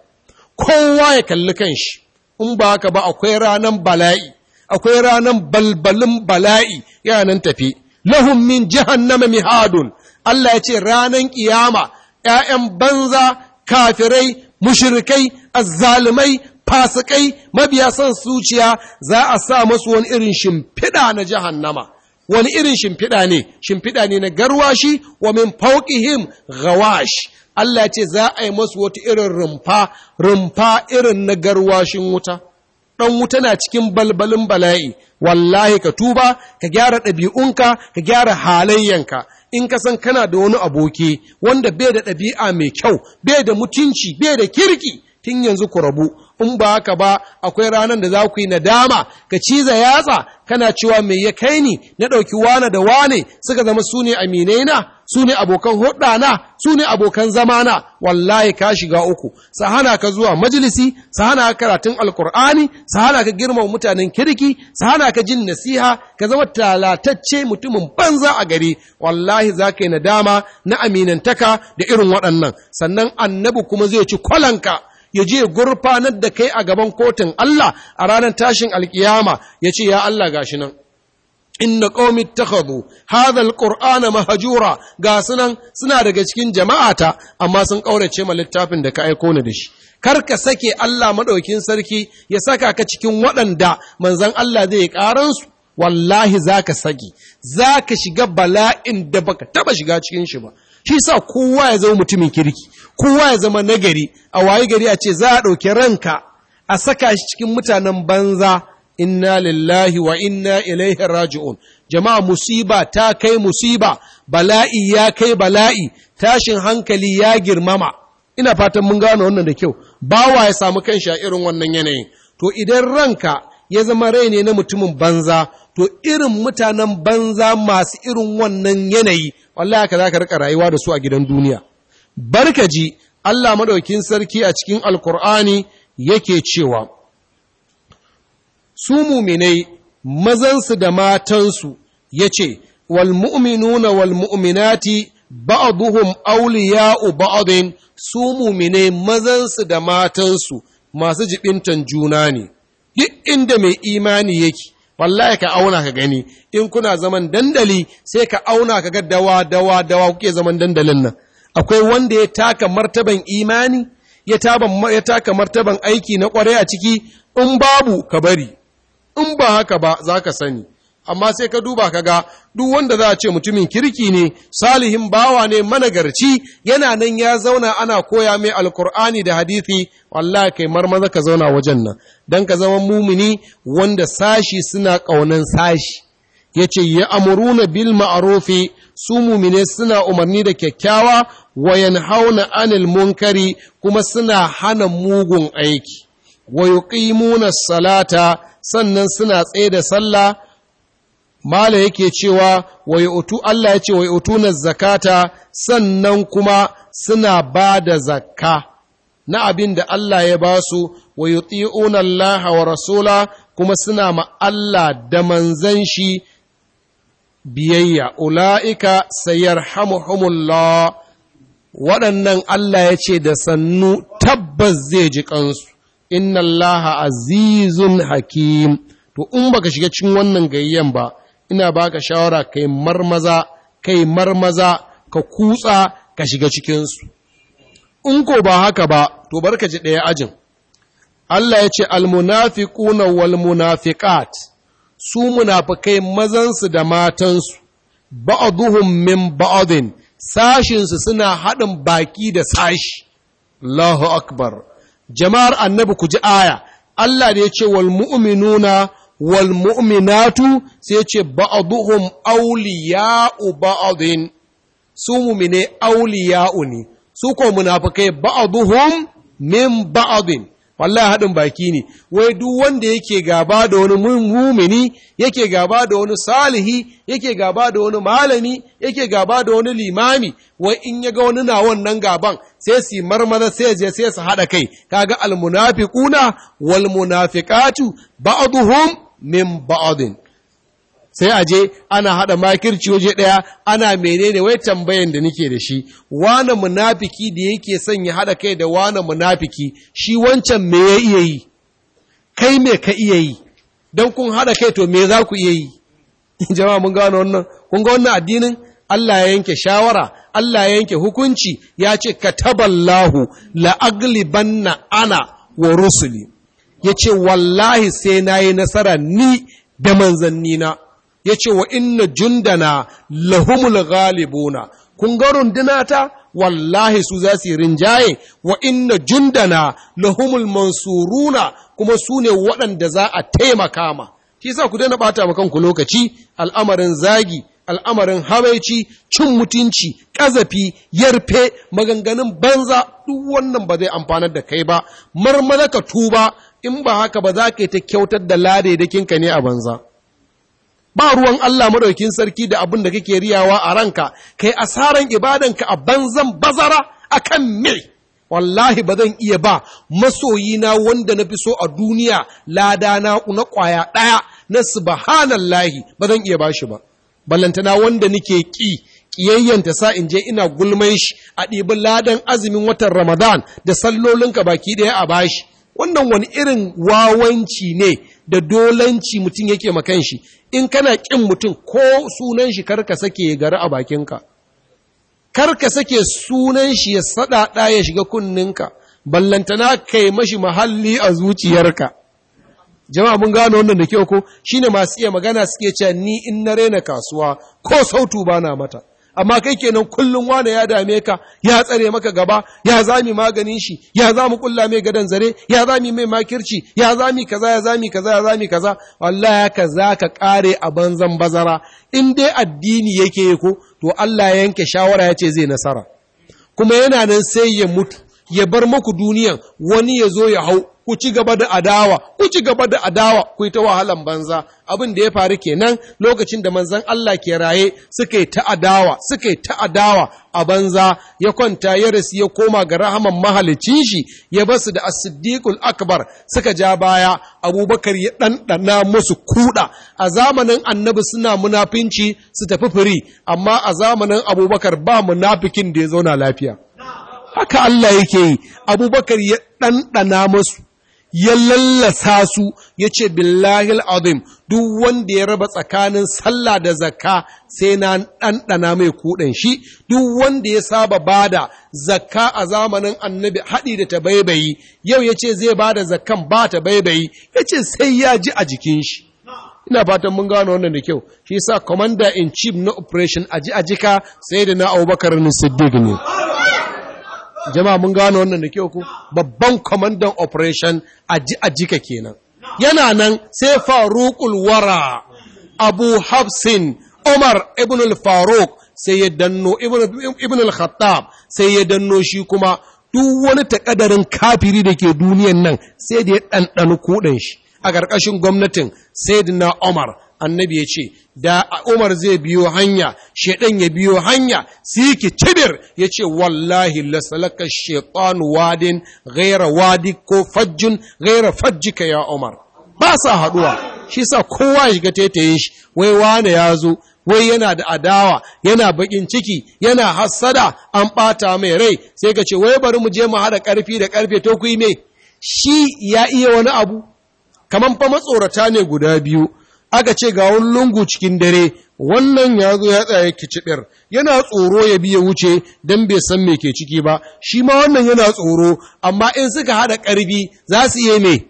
kowa ya kalli kan shi in ba haka ba akwai ranan bala'i akwai ranan balbalin bala'i yanan tafi lahum min jahannama mihadun Allah ya ce ranan ƙiyama ‘ya'yan banza, kafirai, mushrikai, azzalumai, fasikai, mabiya son suciya za a sa masu wani irin shimfiɗa na jahannama. Wani irin shimfiɗa ne, shimfiɗa ne na garwashi wa min fauƙihim gawash. Allah ya ce za a yi masu wata irin rumfa, rumfa irin na garwashin wuta. ɗan wuta na cikin balbalin bala'i, wallahi ka tuba, ka gyara ɗabi'unka, ka gyara halayyanka, in ka san kana da wani aboki wanda bai da ɗabi'a mai kyau bai da mutunci bai da kirki tun yanzu ku rabu in ba haka ba akwai ranar da za ku yi nadama ka ciza yatsa kana cewa mai ya kai ni na ɗauki wane da wane suka zama su ne aminaina su ne abokan na, su ne abokan na? wallahi ka shiga uku sa hana ka zuwa majalisi sa hana ka karatun alkur'ani sa hana ka girmama mutanen kirki sa hana ka jin nasiha ka zama talatacce mutumin banza a gari wallahi za ka yi nadama na aminantaka da irin waɗannan sannan annabi kuma zai ci kwalanka ya je gurfanar da kai a gaban kotun Allah a ranar tashin alkiyama ya ce ya Allah gashi nan inna qaumi ittakhadhu hadha alqur'ana mahjura ga sunan suna daga cikin jama'ata amma sun ƙaurace ma littafin da ka aiko ni da shi kar ka sake Allah madaukin sarki ya saka ka cikin waɗanda manzon Allah zai karan su wallahi zaka saki zaka shiga bala'in da baka taɓa shiga cikin shi ba shi sa kowa ya zama mutumin kirki kowa ya zama nagari a wayi gari a ce za a ɗauki ranka a saka shi cikin mutanen banza inna lillahi wa inna ilaihi raji'un jama'a musiba ta kai musiba bala'i ya kai bala'i tashin hankali ya girmama ina fatan mun gano wannan da kyau bawa ya samu kanshi a irin wannan yanayin to idan ranka ya zama rai ne na mutumin banza to irin mutanen banza masu irin wannan yanayi wallahi haka ka rika rayuwa da su a gidan duniya Barka ji, Allah maɗaukin sarki a cikin alkur'ani yake cewa su muminai mazansu da matansu ya ce walmu'minuna walmu'minati ba'duhum auliya'u ba'din su muminai mazansu da matansu masu jibintan juna ne duk inda mai imani yake wallahi ka auna ka gani in kuna zaman dandali sai ka auna ka ga dawa dawa dawa kuke zaman dandalin nan akwai wanda ya taka martaban imani ya taka martaban aiki na ƙwarai a ciki in babu ka bari in ba haka ba za ka sani amma sai ka duba ka ga duk wanda za a ce mutumin kirki ne salihin bawa ne managarci yana nan ya zauna ana koya mai alkur'ani da hadithi wallahi kai marmaza ka zauna wajen nan dan ka zama mumini wanda sashi suna ƙaunan sashi yace ya amuruna bil ma'rufi su mumine suna umarni da kyakkyawa wayan hauna anil munkari kuma suna hana mugun aiki wa yuqimuna salata sannan suna tsaye da sallah mala yake cewa wa utu Allah ya ce wa yutuna zakata sannan kuma suna ba da zakka na abin da Allah ya ba su wa yuti'una Allah wa rasula kuma suna ma Allah da manzan shi biyayya ula'ika sayarhamuhumullah waɗannan Allah ya ce da sannu tabbas zai ji ƙansu, inna Allah azizun hakim to in baka shiga cin wannan gayyan ba ina baka shawara kai marmaza kai marmaza ka kutsa ka shiga cikinsu in ko ba haka ba to barka ji ɗaya ajin Allah ya ce almunafiquna walmunafiqat su munafikai mazansu da matansu ba'aduhum min ba'adin sashinsu suna haɗin baki da sashi Allahu akbar jama'ar annabi ku ji aya Allah da ya ce wal mu'minuna wal mu'minatu sai ce ba'aduhun awliya'u ba'din su mu'mine awliya'u ne su ko munafikai ba'aduhun min ba'din wallahi haɗin baki ne wai duk wanda yake gaba da wani mumini yake gaba da wani salihi yake gaba da wani malami yake gaba da wani limami wai in ya ga wani na wannan gaban sai su marmara sai je sai su haɗa kai kaga almunafiquna wal walmunafiƙatu, ba'dhum min ba'din sai a je ana haɗa makirci waje ɗaya ana menene wai tambayan da nake da shi wane munafiki da yake son ya haɗa kai da wane munafiki shi wancan me ya iya yi kai me ka iya yi don kun haɗa kai to me za ku iya yi jama'a mun gano wannan kun ga wannan addinin Allah ya yanke shawara Allah ya yanke hukunci ya ce ka kataballahu aglibanna ana wa rusuli ya ce wallahi sai na yi nasara ni da manzannina ya ce wa inna jundana lahumul ghalibuna kun ga runduna wallahi su za su rinjaye wa inna jundana lahumul mansuruna kuma su ne waɗanda za a taimaka ma shi sa ku daina ɓata ma kanku lokaci al'amarin zagi al'amarin hawaici cin mutunci ƙazafi yarfe maganganun banza duk wannan ba zai amfanar da kai ba marmara ka tuba in ba haka ba za ka yi ta kyautar da lade da kinka ne a banza ba ruwan Allah madaukin sarki da abin da kake riyawa a ranka kai asaran ka a banzan bazara akan me wallahi ba zan iya ba masoyina wanda na fi so a duniya lada na na kwaya ɗaya na subhanallahi ba zan iya ba shi ba ballantana wanda nake ki ƙiyayyanta sa in je ina gulman shi a ɗibi ladan azumin watan ramadan da sallolinka baki ɗaya a bashi wannan wani irin wawanci ne da dolanci mutum yake makan shi in kana ƙin mutum ko sunan shi karka sake gari a bakinka karka sake sunan shi ya saɗaɗa ya shiga kunninka ballantana kai mashi mahalli a zuciyarka jama'a mun gano wannan da kyau ko ne masu iya magana suke cewa ni in na rena kasuwa ko sautu bana mata amma kai kenan kullum wane ya dame ka ya tsare maka gaba ya zami maganin shi ya zami kulla mai gadan zare ya zami mai makirci ya zami kaza ya zami kaza ya zami kaza wallahi ka za ka kare a banzan bazara in dai addini yake ko to Allah ya yanke shawara ya ce zai nasara kuma yana nan sai ya mutu ya bar muku duniyan wani ya zo ya hau ku ci gaba da adawa ku ci gaba da adawa ku yi ta wahalan banza abin da ya faru kenan lokacin da manzan Allah ke raye suka yi ta adawa suka yi ta adawa a banza ya kwanta ya rasu ya koma ga rahaman mahalicin shi ya basu da as-siddiqul akbar suka ja baya abubakar ya ɗanɗana musu kuɗa a zamanin annabi suna munafinci su tafi firi amma a zamanin abubakar ba munafikin da ya zauna lafiya haka Allah yake yi abubakar ya ɗanɗana musu ya lallasa su ya ce billahil azim duk wanda ya raba tsakanin sallah da zakka sai na ɗanɗana mai kuɗin shi duk wanda ya saba bada zakka a zamanin annabi haɗi da ta tabaibayi yau ya ce zai bada zakkan ba ta tabaibayi ya ce sai ya ji a jikin shi ina fatan mun gano wannan da kyau shi sa commander in chief na operation aji jika, sai da na abubakar siddiq ne jama'a mun gano wannan da kyau ku babban kwamandan operation a jika kenan yana nan sai faruqul wara abu hafsin umar ibn al-faruq sai ya danno ibn al-khattab sai ya danno shi kuma duk wani takadarin kafiri da ke duniyan nan sai da ya ɗanɗano kuɗin shi a ƙarƙashin gwamnatin sayyidina umar annabi ya ce da umar zai biyo hanya shaidan ya biyo hanya siki cibir ya ce wallahi lasalaka shaitan wadin gaira wadi ko fajjun gaira fajjika ya umar ba sa haduwa shi sa kowa ya shiga taitayin shi wai wane ya zo wai yana da adawa yana bakin ciki yana hassada an bata mai rai sai ka ce wai bari mu je mu hada karfi da karfe to ku yi mai? shi ya iya wani abu Kamar fa matsorata ne guda biyu aka ce ga wani lungu cikin dare wannan ya zo ya tsaya kicibir yana tsoro ya biya wuce dan bai san me ke ciki ba shi ma wannan yana tsoro amma in suka haɗa ƙarfi za su iya me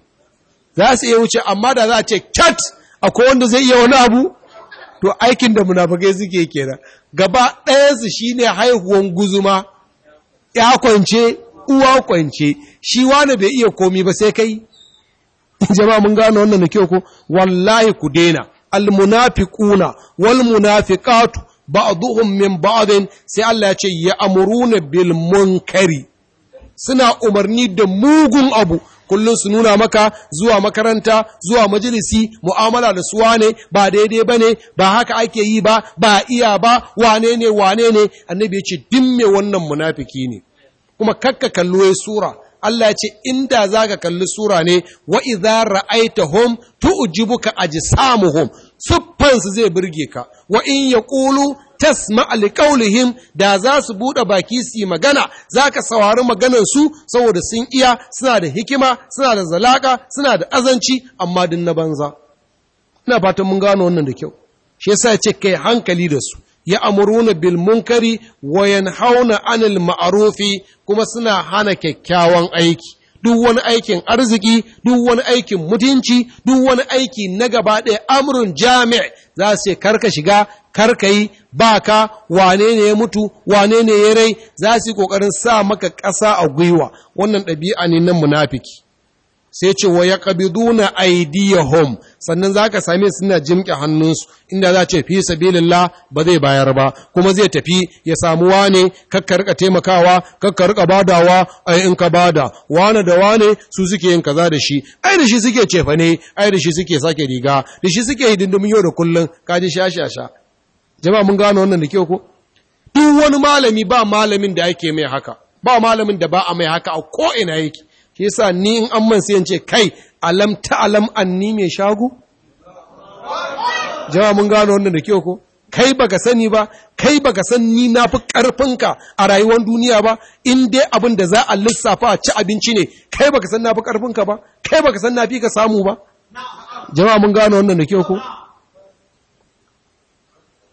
za su iya wuce amma da za a ce cat akwai wanda zai iya wani abu to aikin da munafakai suke kenan gaba ɗayansu shine haihuwan guzuma ya kwance uwa kwance shi wani bai iya komi ba sai kai jama'a mun gano wannan da kyau ko wallahi ku daina almunafiquna wal ba'dhum min ba'd sai Allah ya ce amuruna bil munkari suna umarni da mugun abu kullum su nuna maka zuwa makaranta zuwa majalisi mu'amala da suwa ne ba daidai ba ne ba haka ake yi ba ba iya ba wane ne wane ne annabi ya ce dimme wannan munafiki ne kuma kakka kallo ya sura Allah ya ce inda zaka kalli sura ne wa idza ra'aitahum tu'jibuka ajsamuhum siffansu zai burge ka wa in yaqulu tasma alqaulihim da za su bude baki su magana zaka saurari maganar su saboda sun iya suna da hikima suna da zalaka suna da azanci amma din na banza ina fatan mun gano wannan da kyau shi yasa ya ce kai hankali da su ya amuruna bil munkari wa yanhauna anil ma'arufi kuma suna hana kyakkyawan aiki duk wani aikin arziki duk wani aikin mutunci duk wani aiki na gaba ɗaya amurin jami' za su karka shiga karka yi ba ka wane ne ya mutu wane ne ya rai za su yi ƙoƙarin sa maka ƙasa a gwiwa wannan ɗabi'a ne na munafiki sai ce wa yaqbiduna Home sannan za ka same suna jimƙe hannunsu inda za ce fi sabilillah ba zai bayar ba kuma zai tafi ya samu wane kakka rika taimakawa kakka rika badawa a in ka bada wane da wane su suke yin kaza da shi ai da shi suke cefa ne ai da shi suke sake riga da shi suke hidindimin yau da kullum, kaji shashasha jama'a mun gano wannan da kyau ko duk wani malami ba malamin da ake mai haka ba malamin da ba a mai haka a ko'ina yake shi sa ni in an man sai ce kai alam ta alam anni mai shago Jam'a mun gano wannan da kyau ko kai baka sani ba kai baka san ni na fi karfinka a rayuwar duniya ba in dai abin da za a lissafa a ci abinci ne kai baka san na fi karfinka ba kai baka san na fi ka samu ba Jam'a mun gano wannan da kyau ko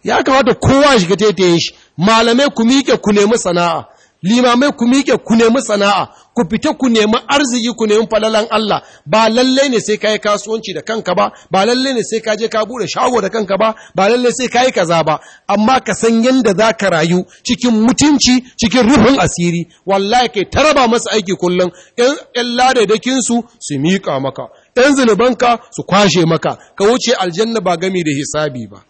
ya kamata kowa shiga taitayin shi malamai ku miƙe ku nemi sana'a limamai ku miƙe ku nemi sana'a ku fita ku nemi arziki ku nemi falalan Allah ba lalle ne sai ka yi kasuwanci da kanka ba ba lalle ne sai ka je ka bude shago da kanka ba ba lalle sai ka yi kaza ba amma ka san yadda za ka rayu cikin mutunci cikin rufin asiri wallahi kai taraba masa aiki kullum yan dakin su su miƙa maka yan zunubanka su kwashe maka ka wuce aljanna ba gami da hisabi ba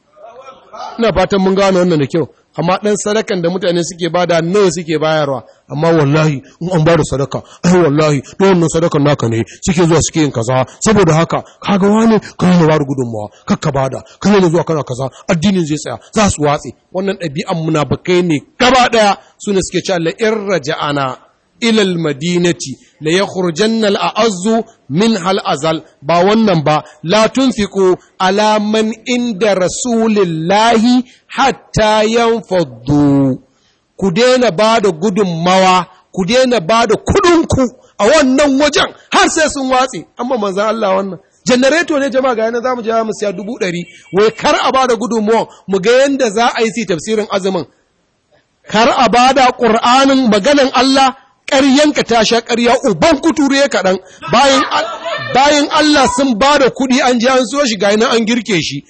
ina fatan mun gano wannan da kyau amma ɗan sadakan da mutane suke bada nawa suke bayarwa amma wallahi in an bada sadaka ai wallahi to wannan sadakan naka ne suke zuwa suke yin kaza saboda haka kaga wani kana da bada gudunmawa kakka bada kana da zuwa kana kaza addinin zai tsaya za su watse wannan ɗabi'an bakai ne gaba ɗaya sune suke cewa la in raja'ana ilal madinati la yakhrujanna al a'azzu min hal azal ba wannan ba la tunfiqu ala man inda rasulillahi hatta yanfaddu ku daina bada da ku daina bada da ku a wannan wajen har sai sun watse amma manzan Allah wannan janareto ne jama'a ga yana za mu je mu siya dubu ɗari wai kar a bada gudunmuwa mu ga yadda za a yi si tafsirin azumin kar a bada ƙur'anin maganan Allah ƙaryanka ta sha ƙarya uban kuturu ya kaɗan bayan Allah sun ba da kuɗi an ji an so shi ga yana an girke shi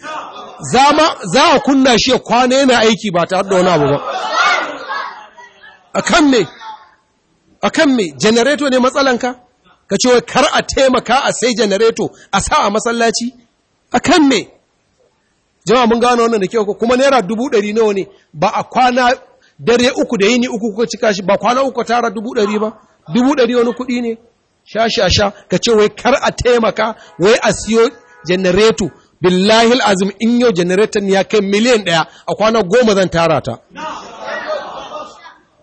za a kunna shi ya kwana yana aiki ba ta haɗa wani abu ba a kan me a kan me janareto ne matsalanka ka ce kar a taimaka a sai janareto a sa a masallaci a kan me jama'a mun gano wannan da kyau kuma naira dubu ɗari nawa ne ba a kwana dare uku da yini uku kuka cika shi ba kwana uku tara dubu ɗari ba dubu ɗari wani kuɗi ne sha sha sha ka ce wai kar a taimaka wai a siyo janareto billahi azim in yau janareto ya kai miliyan ɗaya a kwana goma zan tara ta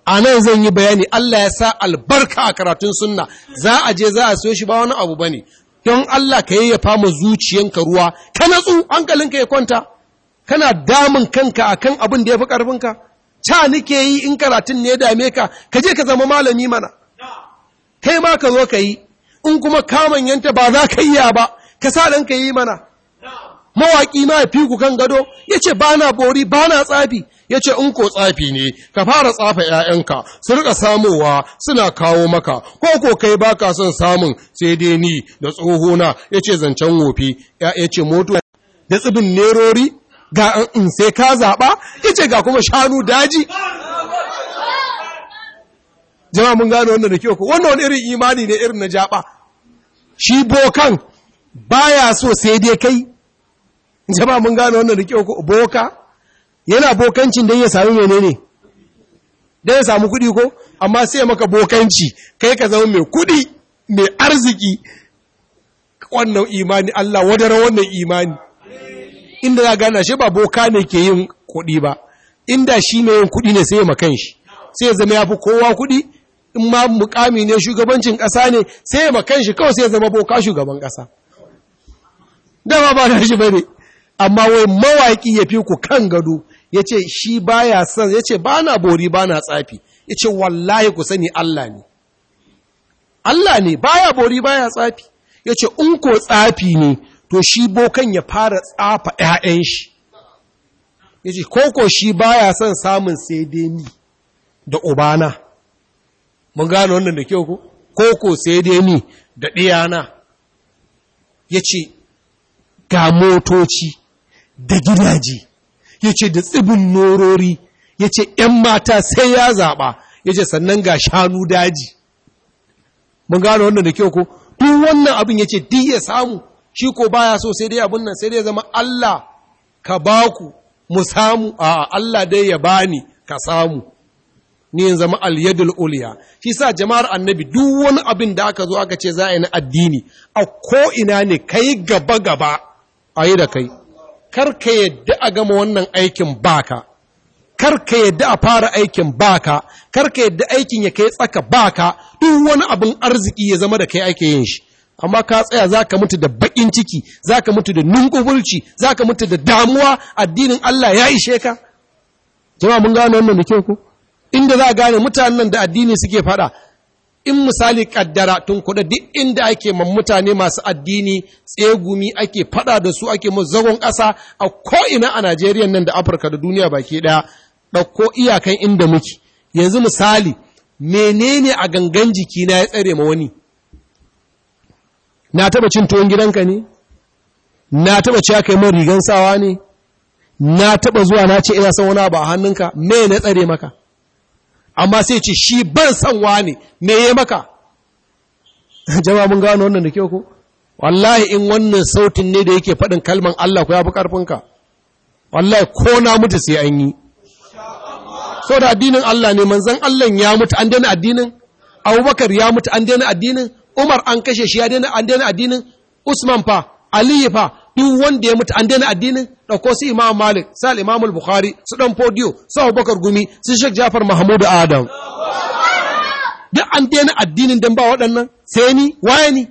a nan zan yi bayani Allah ya sa albarka a karatun sunna za a je za a siyo shi ba wani abu ba ne. don Allah ka yi ya ma zuciyanka ruwa ka natsu hankalinka ya kwanta kana damun kanka akan abin da ya fi ƙarfinka ca nike yi in karatun ne dame ka ka je ka zama malami mana kai ma ka zo ka yi in kuma kamun yanta ba za ka yi ya ba ka sa ɗan ka yi mana mawaƙi ma ya fi ku kan gado ya ce ba na bori ba na tsafi ya ce in ko tsafi ne ka fara tsafa ‘ya'yanka su rika samuwa suna kawo maka ko ko kai ba ka son samun sai dai ni da tsohona ya ce zancen wofi Ya'ya ce moto da tsibin nerori ga in sai ka zaɓa ce ga kuma shanu daji jama'a mun gano wannan da kyau ko wannan wani irin imani ne irin na jaba shi bokan baya so sai dai kai jama'a mun gano wannan da kyau ko boka yana bokancin dan ya samu ne, dan ya samu kudi ko amma sai maka bokanci kai ka zama mai kudi mai arziki wannan imani Allah wadara wannan imani inda za gana shi ba boka ne ke yin kuɗi ba inda shi mai yin kuɗi ne sai ya makan shi sai ya zama ya fi kowa kuɗi in ma mukami ne shugabancin ƙasa ne sai ya makan shi kawai sai ya zama boka shugaban ƙasa dama ba na shi bane amma wai mawaƙi ya fi ku kan gado ya ce shi ba ya san ya ce ba na bori ba na tsafi ya ce wallahi ku sani Allah ne Allah ne baya bori baya tsafi ya ce in ko tsafi ne to shi bokan ya fara tsafa ‘ya'yan shi, ya ce, Koko shi ba ya son samun sai dai ni da ubana. mun gano wannan da kyau ko? Koko sai dai ni da ɗiyana, ya ce, Ga motoci da gidaje, ya ce, Da tsibin norori, ya ce, ‘yan mata sai ya zaɓa, ya ce, Sannan ga shanu daji. Mun gano wannan da kyau ko? Duk wannan abin ya ce, Di ya samu. shi ko baya so sai dai abun nan sai dai zama Allah ka ba ku mu samu a Allah dai ya bani ka samu ni yin zama al-yadul uliya shi sa jama'ar annabi duk wani abin da aka zo aka ce za a yi na addini a ko ina ne kai gaba gaba a yi da kai kar ka yadda a gama wannan aikin baka kar ka yadda a fara aikin baka kar ka yadda aikin ya kai tsaka baka duk wani abin arziki ya zama da kai ake yin shi amma ka tsaya za ka mutu da baƙin ciki za ka mutu da nunkuburci za ka mutu da damuwa addinin Allah ya ishe ka jama mun gano wannan da kyau ko inda za a gane mutanen da addini suke faɗa in misali kaddara tun kuɗa duk inda ake man mutane masu addini tsegumi ake faɗa da su ake musu zagon ƙasa a ko'ina a Najeriya nan da Afirka da duniya baki ɗaya ɗauko iyakan inda muke yanzu misali menene a gangan jiki na ya tsare ma wani na taba cin tuwon gidanka ne na taba ci aka yi min rigan sawa ne na taba zuwa na ce ina son wani abu a hannunka me na tsare maka amma sai ce shi ban san wani me ya maka jama'a mun gano wannan da kyau ko wallahi in wannan sautin ne da yake faɗin kalman Allah ku ya fi ƙarfinka wallahi ko na mutu sai an yi saboda addinin Allah ne manzon Allah ya mutu an daina addinin Abubakar ya mutu an daina addinin Umar an kashe shi an daina addinin Usman fa Aliyu fa duk wanda ya mutu an daina addinin ɗauko su Imam Malik su al-Imam bukhari su dan Fodiyo su Abubakar Gumi su Sheikh Jafar Mahmud Adam duk an daina addinin dan ba waɗannan sai ni waye ni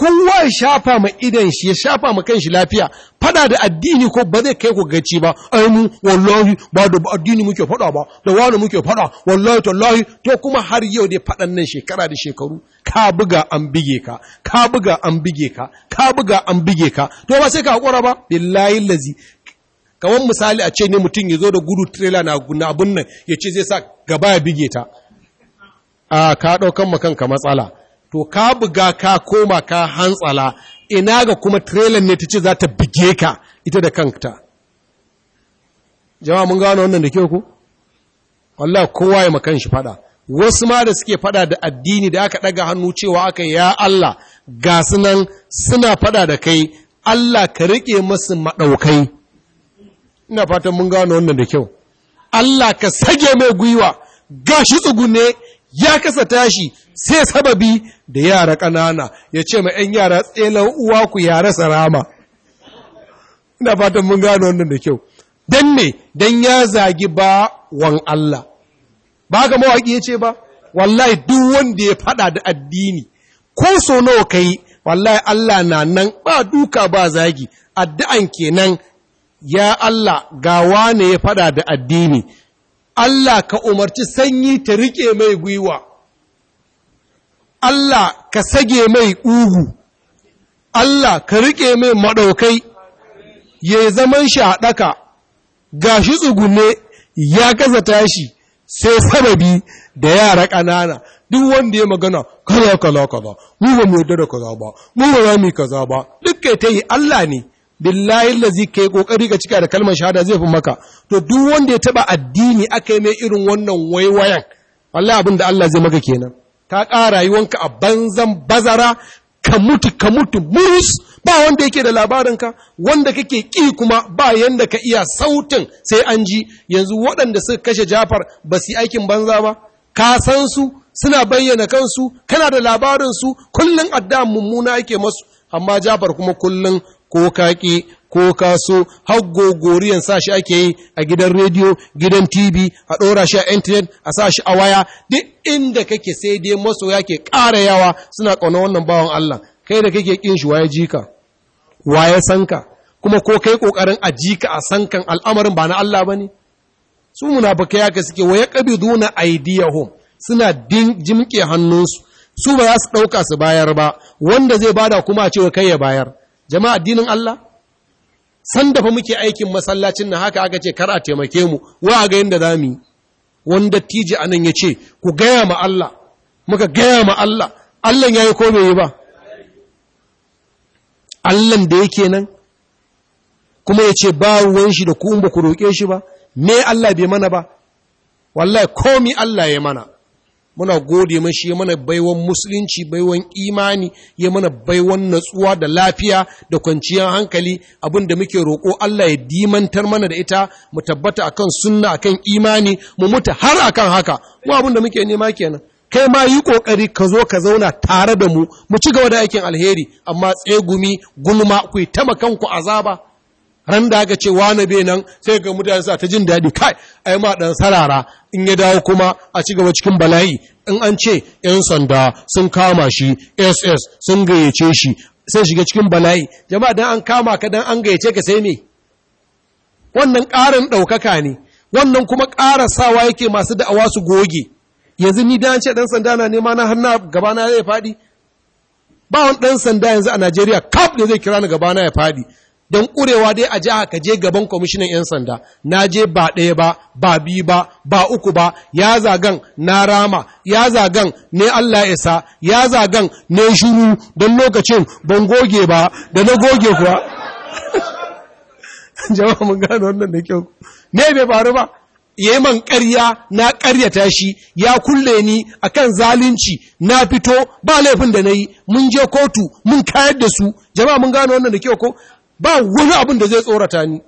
kowa ya shafa ma idan shi ya shafa ma kan shi lafiya fada da addini ko ba zai kai ku gaci ba ai mu wallahi ba da addini muke fada ba da wani muke fada wallahi tallahi to kuma har yau dai fadan nan shekara da shekaru ka buga an bige ka ka buga an bige ka ka buga an bige ka to ba sai ka hakura ba billahi lazi kawan misali a ce ne mutum ya zo da gudu trailer na abun nan ya ce zai sa gaba ya bige ta a ka daukan makanka matsala to ka buga ka koma ka hantsala ina ga kuma trailer ne ta ce za ta bige ka ita da kanta jama'a mun gano wannan da kyau ku Allah kowa ya makan shi fada wasu ma da suke fada da addini da aka daga hannu cewa aka ya Allah ga sunan suna fada da kai Allah ka rike masu maɗaukai. ina fatan mun gano wannan da kyau Allah ka sage mai gwiwa gashi tsugune ya kasa tashi sai sababi da yara ƙanana ya ce ma 'yan yara tsela uwa ku yara sarama ina fatan mun gano wannan da kyau don me don ya zagi ba wan Allah ba ga mawaƙi ya ce ba wallahi duk wanda ya faɗa da addini ko so nawa yi wallahi Allah na nan ba duka ba zagi addu'an kenan ya Allah ga wane ya faɗa da addini Allah ka umarci sanyi ta riƙe mai gwiwa Allah ka sage mai ƙugu, Allah ka rike mai maɗaukai, ya yi zaman shi a ɗaka, ga shi tsugune ya gaza tashi sai sababi da yara ƙanana, duk wanda ya magana, kaza kaza kaza, mu ba mu yadda da kaza ba, mu ba za mu yi kaza ba, duk kai ta yi Allah ne, billahi lazi kai ƙoƙari ga cika da kalmar shahada zai fi maka, to duk wanda ya taɓa addini aka yi mai irin wannan waiwayan, wallahi abinda Allah zai maka kenan. ka ƙara yi wanka a banzan bazara ka mutu ka mutu burus ba wanda yake da labarinka wanda kake ƙi kuma ba yanda ka iya sautin sai an ji yanzu waɗanda suka kashe jafar ba su yi aikin banza ba ka san su suna bayyana kansu kana da labarinsu kullum adda mummuna yake masu amma jafar kuma kullum ko kaƙi ko ka so har gogoriyan sa shi ake yi a gidan rediyo gidan tv a ɗora shi a intanet a sa shi a waya duk inda kake sai dai masoya ke ƙara yawa suna ƙauna wannan bawan Allah kai da kake ƙin shi waye jika waye sanka kuma ko kai ƙoƙarin a jika a sankan al'amarin ba na Allah ba ne su munafukai ka suke wa yaqbiduna aydiyahum suna jimke hannunsu su ba za su ɗauka su bayar ba wanda zai bada kuma cewa kai ya bayar jama'a addinin Allah san dafa muke aikin masallacin nan haka aka ce kar a taimake mu wa ga yanda za mu yi wanda tiji anan yace ce ku gaya ma Allah muka gaya ma Allah Allah ya yi ko bai yi ba Allah da yake nan kuma yace ba ruwan shi da ku ba ku roke shi ba me Allah bai mana ba wallahi komi Allah ya mana muna gode mashi ya mana baiwan musulunci baiwan imani ya mana baiwan natsuwa da lafiya da kwanciyar hankali abin da muke roƙo Allah ya dimantar mana da ita mu tabbata akan sunna akan imani mu mutu har akan haka mu abin da muke nema kenan kai ma yi kokari ka zo ka zauna tare da mu mu ci gaba da aikin alheri amma tsegumi gulma ku yi tamakanku azaba ran da aka ce wane be nan sai ga mutane sa ta jin daɗi kai ai ma dan sarara in ya dawo kuma a ci gaba cikin bala'i in an ce yan sanda sun kama shi ss sun gayyace shi sai shiga cikin bala'i jama'a dan an kama ka dan an gayyace ka sai me wannan ƙarin ɗaukaka ne wannan kuma ƙara sawa yake masu da'awa su goge yanzu ni dan ce dan sanda na nema na hannu gaba na zai faɗi ba wani dan sanda yanzu a Najeriya kaf ne zai kira ni gaba na ya faɗi don ƙurewa dai a jiha ka je gaban kwamishinan 'yan sanda na je ba ɗaya ba ba biyu ba ba uku ba ya zagan na rama ya zagan ne Allah isa ya zagan ne shuru don lokacin ban goge ba da na goge kuwa Jam'a mun gano wannan da kyau ne bai faru ba ya yi man ƙarya na ƙaryata shi ya kulle ni akan zalunci na fito ba laifin da na yi mun je kotu mun kayar da su jama'a mun gano wannan da kyau ko ba wani abin da zai tsorata ni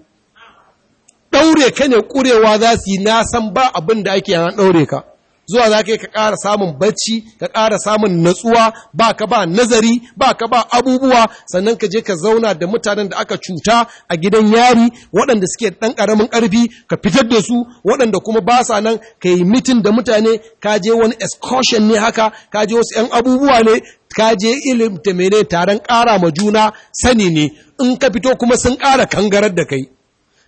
ɗaure ka ne ƙurewa za su yi na san ba abin da ake yana ɗaure ka zuwa za ka ƙara samun bacci ka ƙara samun natsuwa ba ka ba nazari ba ka ba abubuwa sannan ka je ka zauna da mutanen da aka cuta a gidan yari waɗanda suke ɗan ƙaramin ƙarfi ka fitar da su waɗanda kuma ba sa nan ka yi mitin da mutane ka je wani excursion ne haka ka je wasu 'yan abubuwa ne ka je ilim ta mene taron ƙara ma juna sani ne in ka fito kuma sun ƙara kangarar da kai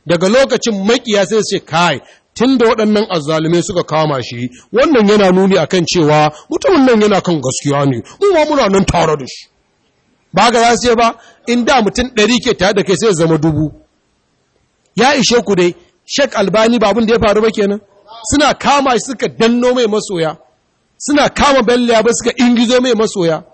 daga lokacin makiya sai su ce kai tun da waɗannan azzalumai suka kama shi wannan yana nuni a kan cewa mutumin nan yana kan gaskiya ne mu ma muna nan tare da shi ba ga za ba in da mutum ɗari ke tare da kai sai zama dubu ya ishe ku dai shek albani ba abin da ya faru ba kenan suna kama shi suka danno mai masoya suna kama bello ba suka ingizo mai masoya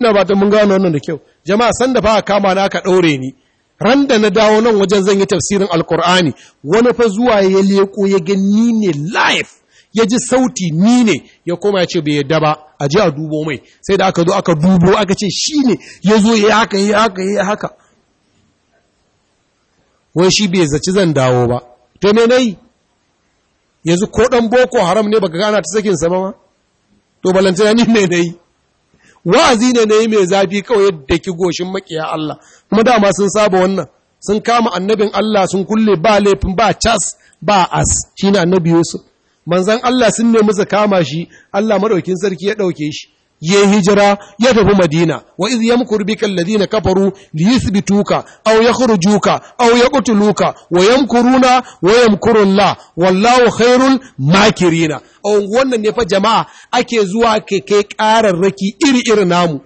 ina ba ta mun gano wannan da kyau jama'a sanda fa kama na ka ɗaure ni ran da na dawo nan wajen zan yi tafsirin alkur'ani wani fa zuwa ya leko ya ga ni ne live ya ji sauti ni ne ya koma ya ce bai yadda ba a ji a dubo mai sai da aka zo aka dubo aka ce shi ne ya zo ya haka ya haka ya haka wai shi bai zaci zan dawo ba to me nayi yanzu ko dan boko haram ne baka gana ta sakin sa ba ma to balantana ni me nayi wa'azi ne na yi mai zafi kawai yadda ki goshin makiya Allah kuma dama sun saba wannan sun kama annabin Allah sun kulle ba laifin ba cas ba as shi ne annabi Yusuf manzan Allah sun nemi su kama shi Allah maɗaukin sarki ya ɗauke shi ya hijira ya tafi madina wa iz yamkur kalladi na kafaru liyuthbituka aw yakhrujuka aw Kutuluka, wa yamkuruna wa la, wallahu khairul makirina a oh, wannan ne fa jama'a ake zuwa ke kai ƙararraki iri-iri namu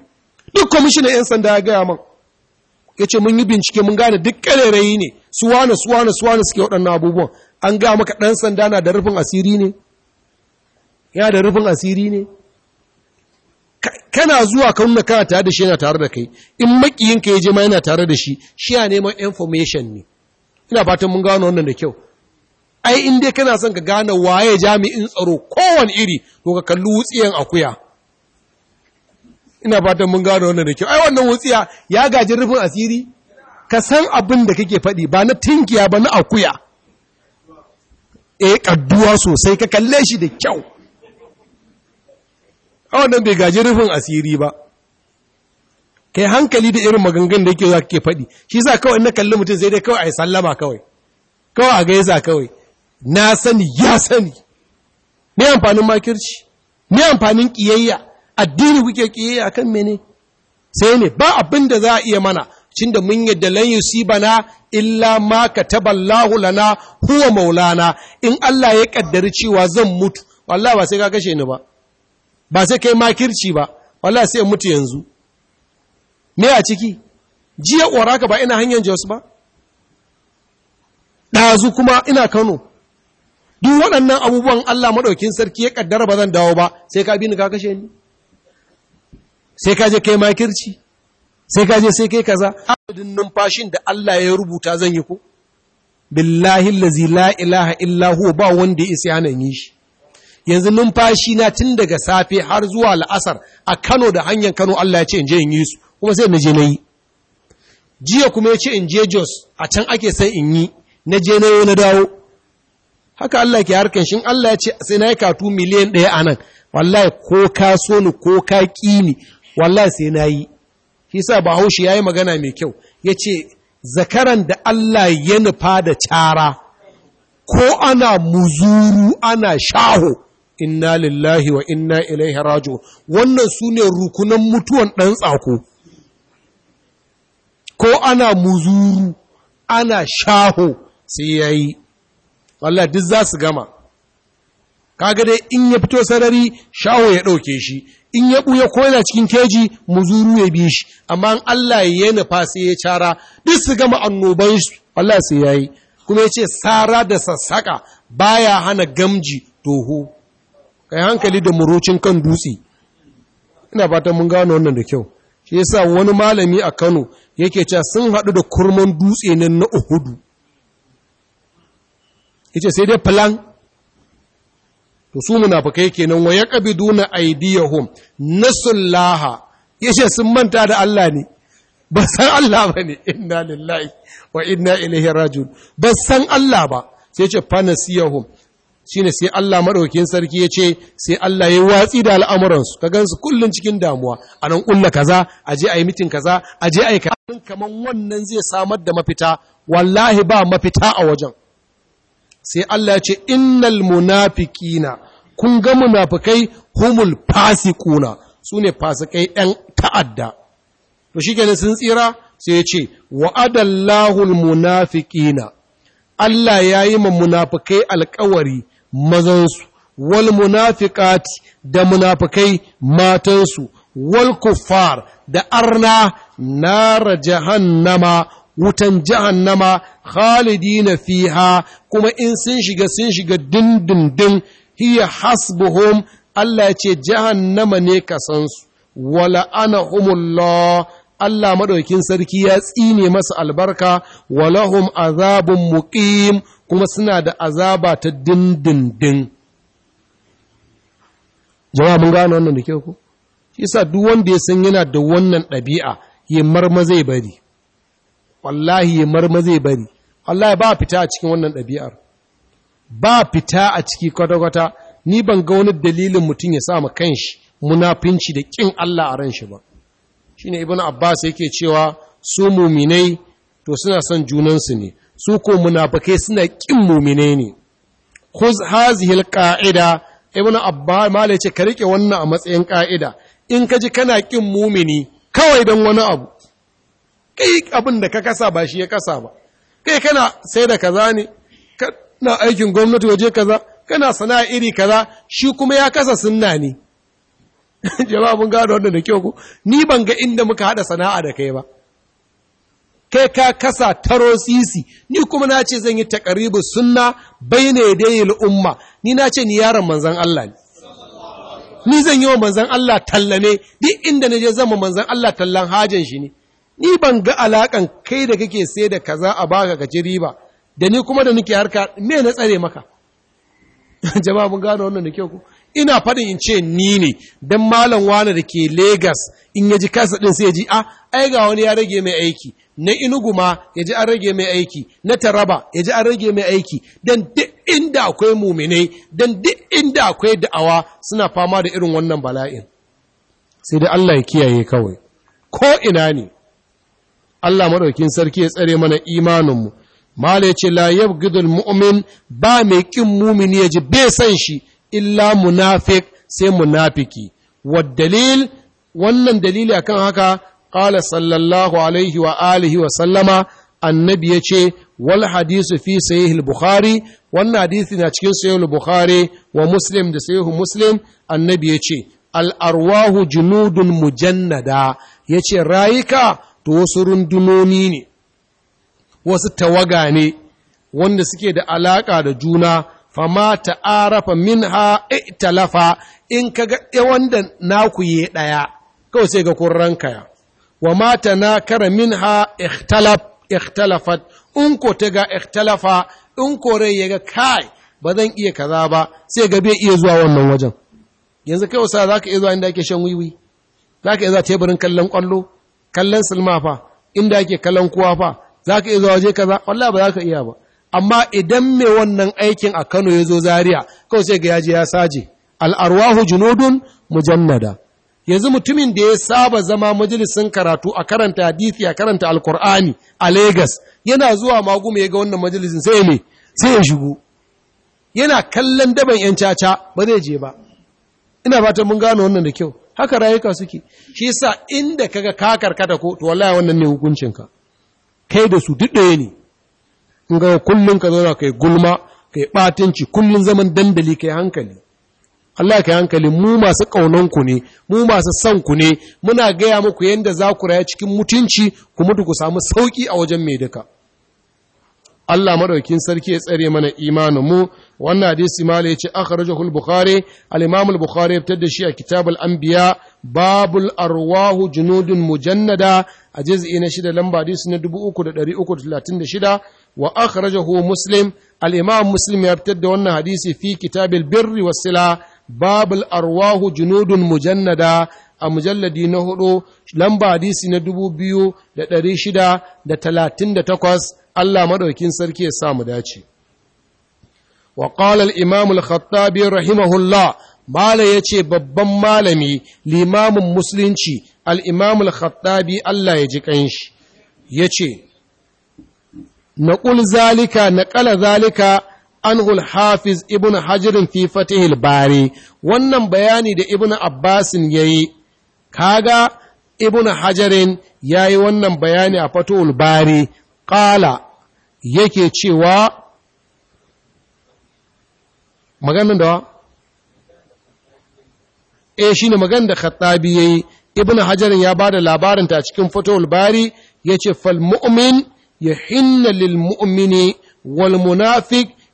duk kwamishinan 'yan sanda ya gaya man ya ce mun yi bincike mun gane duk ƙarerayi ne suwana suwana suke waɗannan abubuwan an gaya maka ɗan sanda na da rufin asiri ne ya da rufin asiri ne kana zuwa ka nuna kana tare da shi yana tare da kai in makiyinka ya je ma yana tare da shi shi ya neman information ne ina fatan mun gano wannan da kyau ai in dai kana son ka gane waye jami'in tsaro kowane iri to ka kalli wutsiyan akuya ina fatan mun gane wannan da kyau ai wannan wutsiya ya gaji rufin asiri ka san abin da kake faɗi ba na tinkiya ba na akuya eh kadduwa sosai ka kalle shi da kyau a wannan bai gaji rufin asiri ba kai hankali da irin maganganun da yake za ke faɗi shi sa kawai na kalli mutum sai dai kawai a yi sallama kawai kawai a gaisa kawai na sani ya sani me amfanin makirci me amfanin kiyayya addini kuke kiyayya akan mene sai ne ba abin da za a iya mana cin da mun yadda lan bana, illa ma kataballahu lana huwa maulana in Allah ya kaddari cewa zan mutu wallahi ba sai ka kashe ni ba ba sai kai makirci ba wallahi sai mutu yanzu me a ciki jiya ka ba ina hanyar Jos ba ɗazu kuma ina Kano duk waɗannan abubuwan Allah maɗaukin sarki ya ƙaddara ba zan dawo ba sai ka bi ka kashe ni sai ka je kai makirci sai ka je sai kai kaza adadin numfashin da Allah ya rubuta zan yi ko billahi allazi la ilaha illa ba wanda ya isa yana yi shi yanzu numfashi na tun daga safe har zuwa la'asar a Kano da hanyar Kano Allah ya ce in je in yi su kuma sai na je na yi jiya kuma ya ce in je Jos a can ake sai in yi na je na yi na dawo haka Allah ke harkan shin Allah ya ce sai na yi katu miliyan ɗaya a nan wallahi ko ka so ni ko ka ƙi ni wallahi sai na yi shi sa bahaushe ya yi magana mai kyau ya ce zakaran da Allah ya nufa da cara ko ana muzuru ana shaho inna lillahi wa inna ilaihi raji'un wannan su ne rukunan mutuwan ɗan tsako ko ana muzuru ana shaho sai ya yi Allah duk za su gama kaga dai in ya fito sarari shawo ya ɗauke shi in ya ɓuya ko yana cikin keji muzuru ya bi shi amma in Allah ya yi nufa sai ya cara duk su gama annoban shi Allah sai yayi kuma ya ce sara da sassaƙa baya hana gamji toho kai hankali da murocin kan dutse ina fatan mun gano wannan da kyau shi yasa wani malami a Kano yake cewa sun haɗu da kurman dutse nan na Uhudu yace sai dai plan to su munafikai kenan wa yaqbiduna aidiyahum nasullaha yace sun manta da Allah ne ba san Allah ba ne inna lillahi wa inna ilaihi rajiun ba san Allah ba sai yace fanasiyahum shine sai Allah madaukakin sarki yace sai Allah ya watsi da al'amuran su ka gansu kullun cikin damuwa anan kulla kaza aje ayi mitin kaza aje ayi kaman wannan zai samar da mafita wallahi ba mafita a wajen sai Allah ya ce innal munafiqina kun ga munafikai humul fasiquna sune fasikai ɗan ta'adda to shikenan sun tsira sai ya ce wa'adallahu almunafiqina Allah yayi ma munafikai alƙawari mazansu wal munafiqati da munafikai matansu wal kuffar da arna nara jahannama wutan jahannama khalidina fiha kuma in sun shiga sun shiga dindindin hiya hasbuhum Allah ya ce jahannama ne ka san su wala ana humullah Allah madaukin sarki ya tsine masa albarka walahum azabun muqim kuma suna da azaba ta dindindin jama'a mun gano wannan da kyau ko shi yasa duk wanda ya san yana da wannan ɗabi'a ya marma zai bari wallahi marma zai bari wallahi ba fita a cikin wannan ɗabi'ar ba fita a ciki kwata-kwata ni ban ga wani dalilin mutum ya sa ma shi munafinci da ƙin Allah a ran shi ba shine ibnu abbas yake cewa su muminai to suna son junansu ne su ko munafikai suna ƙin muminai ne khuz hazihi alqaida ibnu abbas mala yace ka rike wannan a matsayin ƙa'ida in ka ji kana ƙin mumini kawai don wani abu kai abin da ka kasa ba shi ya kasa ba kai kana sai da kaza ne kana aikin gwamnati waje kaza kana sana'a iri kaza shi kuma ya kasa sunna ne Jawabin gado gano wannan da kyau ku, ni ban ga inda muka hada sana'a da kai ba kai ka kasa taro sisi ni kuma na ce zan yi takaribu sunna bayna yadayi al'umma ni na ce ni yaron manzon Allah ne ni zan yi wa manzon Allah talla duk inda na je zama manzon Allah tallan hajin shi ne ni ban ga alakan kai da kake sai da kaza a ba ga ci riba da ni kuma da nake harka me na tsare maka jama'a mun gano wannan da kyau ku ina faɗin in ce ni ne don malam wani da ke Legas in ya ji kasa ɗin sai ya ji a ah, ai ga wani ya rage mai aiki na inugu ma ya ji an rage mai aiki na taraba ya ji an rage mai aiki don duk inda akwai muminai don duk inda akwai da'awa suna fama da irin wannan bala'in sai da Allah ya kiyaye kawai ko ina ne Allah maɗaukin sarki ya tsare mana imaninmu mala ce la yabghidul ba mai kin mumini ji bai san shi illa munafik sai munafiki dalil wannan dalili akan haka ƙala sallallahu alaihi wa alihi wa sallama annabi yace wal hadisu fi sahih bukhari wannan hadisi na cikin sahih bukhari wa muslim da sahih muslim annabi yace al arwahu junudun mujannada yace rayuka to wasu rundunoni ne wasu tawaga ne wanda suke da alaka da juna fama ta'arafa ha italafa in ka ga wanda naku yi ɗaya kawai sai ga kun ya, wa mata na kara ha ikhtalafat in ko ta ga ikhtalafa in ko rai ya ga kai ba zan iya kaza ba sai ga bai iya zuwa wannan wajen yanzu kai sa za ka iya zuwa inda ake shan wiwi za ka iya zuwa teburin kallon kwallo kallon silma fa inda ake kallon kowa fa za ka iya zuwa waje kaza wallahi ba za ka iya ba amma idan me wannan aikin a Kano ya zo Zaria kawai sai ga yaje ya saje al'arwahu junudun mujannada yanzu mutumin da ya saba zama majalisin karatu a karanta hadisi a karanta alkur'ani a Legas yana zuwa magume ya ga wannan majalisin sai ne sai ya shigo yana kallon daban yan caca ba zai je ba ina fatan mun gano wannan da kyau haka rayuka suke shi yasa inda kaga ka karkata ko to wallahi wannan ne ka. kai da su duk ne in ga kullun ka zauna kai gulma kai batinci kullun zaman dandali kai hankali Allah kai hankali mu masu kaunan ku ne mu masu son ku ne muna gaya muku yanda za ku raya cikin mutunci ku mutu ku samu sauki a wajen mai duka Allah madaukin sarki ya tsare mana imanin mu wannan hadisi mala yace akhrajahu al-bukhari al bukhari ya fitar da shi a kitabul anbiya babul arwahu junudun mujannada a juz'i na shida lamba hadisi na shida. wa akhrajahu muslim al muslim ya fitar da wannan hadisi fi kitabil birri wa sila babul arwahu junudun mujannada a mujalladi na hudu lamba hadisi na takwas. Allah maɗaukin sarki ya samu dace wa qala al khattabi rahimahullah mala yace babban malami limamin musulunci al khattabi Allah ya ji ce. yace naqul zalika naqala zalika an al-hafiz ibn Hajarin fi fatih bari wannan bayani da ibn abbasin yayi kaga ibn hajarin yayi wannan bayani a fatuhul bari qala yake cewa maganin da eh shine magan da khattabi yayi ibnu hajar ya ba da labarin ta cikin fotowar bari yace fal ya hinna lil mu'mini wal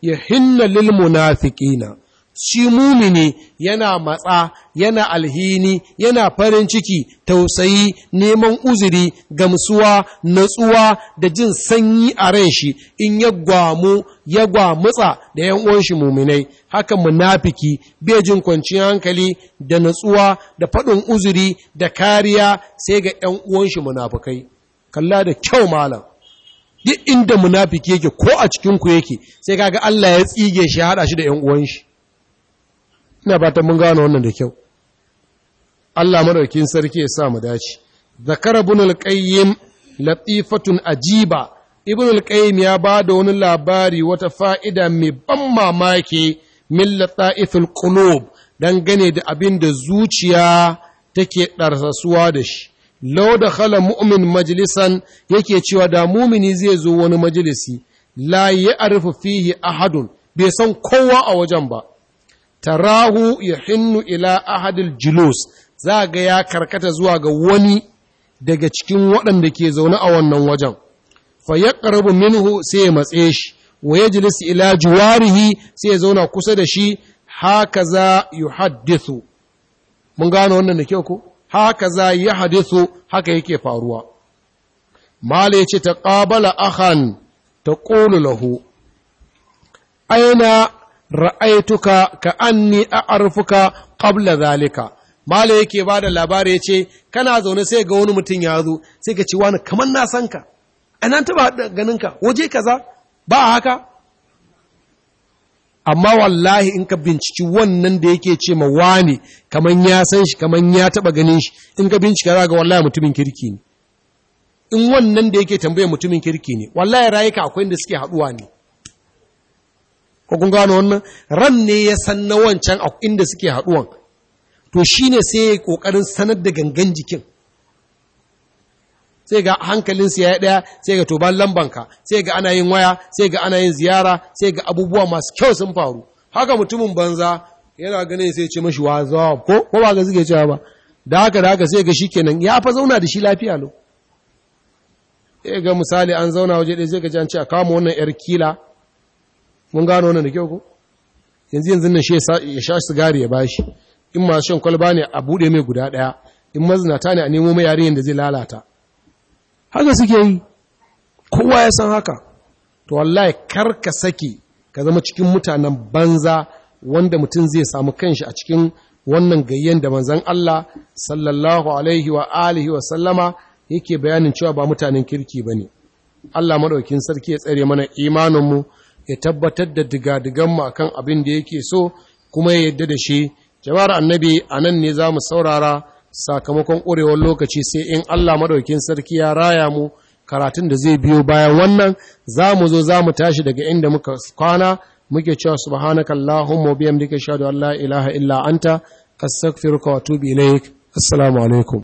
ya hinna lil munafiqina shi mumini yana matsa yana alhini yana farin ciki tausayi neman uzuri gamsuwa natsuwa da jin sanyi a ran shi in ya gwamu ya gwamutsa da yan uwan shi muminai haka munafiki bai jin kwanciyar hankali da natsuwa da faɗin uzuri da kariya sai ga yan uwan shi munafikai kalla da kyau malam duk inda munafiki yake ko a cikin ku yake sai ga Allah ya tsige shi ya hada shi da yan uwan shi ina ba ta mun gano wannan da kyau Allah maraukin sarki ya sa mu dace zakara ibn al-qayyim latifatun ajiba ibn al-qayyim ya ba da wani labari wata fa'ida mai ban mamaki min lataifil qulub dan gane da abin da zuciya take ɗarsasuwa da shi law da mu'min majlisan yake cewa da mumini zai zo wani majalisi la ya'rifu fihi ahadun bai san kowa a wajen ba tarahu hinnu ila ahadil julus za ga ya karkata zuwa ga wani daga cikin waɗanda ke zaune a wannan wajen fa minhu sai ya matse shi wa ila juwarihi sai ya zauna kusa da shi haka za yuhaddithu mun gano wannan da kyau ko haka za yuhaddithu haka yake faruwa mala yace taqabala ta taqulu lahu aina ra'aituka ka anni arfuka qabla zalika mala yake ba da labari ya ce kana zaune sai ga wani mutum ya zo sai ka ci wani kamar na san ka a nan taɓa ganin ka waje kaza ba a haka amma wallahi in ka binciki wannan da yake ce ma wani kamar ya san shi kamar ya taɓa ganin shi in ka bincika za ga wallahi mutumin kirki ne in wannan da yake tambaya mutumin kirki ne wallahi rayuka akwai inda suke haɗuwa ne ko kun gano wannan ran ne ya san na wancan a inda suke haɗuwan to shine sai ya kokarin sanar da gangan jikin sai ga su ya ɗaya sai ga toban lambanka sai ga ana yin waya sai ga ana yin ziyara sai ga abubuwa masu kyau sun faru haka mutumin banza yana ganin sai ce mashi wazawa ko ko ba ga suke cewa ba da haka da haka sai ga shi kenan ya fa zauna da shi lafiya lo sai ga misali an zauna waje ɗaya sai ga an ce a kama wannan yar kila mun gano wannan da kyau ko yanzu yanzu nan shi ya sha sigari ya bashi in masu shan kwalba ne a bude mai guda daya in mazinata ne a nemo mai yarin da zai lalata haka suke yi kowa ya san haka to wallahi kar ka sake ka zama cikin mutanen banza wanda mutum zai samu kanshi a cikin wannan gayyen da manzon Allah sallallahu alaihi wa alihi wa sallama yake bayanin cewa ba mutanen kirki ba ne. Allah madaukin sarki ya tsare mana imanin mu ya tabbatar da diga diga-digan mu kan abin da yake so kuma ya yadda da shi jama'ar annabi a nan ne zamu saurara sakamakon ƙurewar lokaci sai in Allah maɗaukin sarki ya raya mu karatun da zai biyo bayan wannan zamu zo zamu tashi daga inda muka kwana muke cewa subhanakallahumma wa bihamdika ashhadu an la ilaha illa anta astaghfiruka wa atubu assalamu alaikum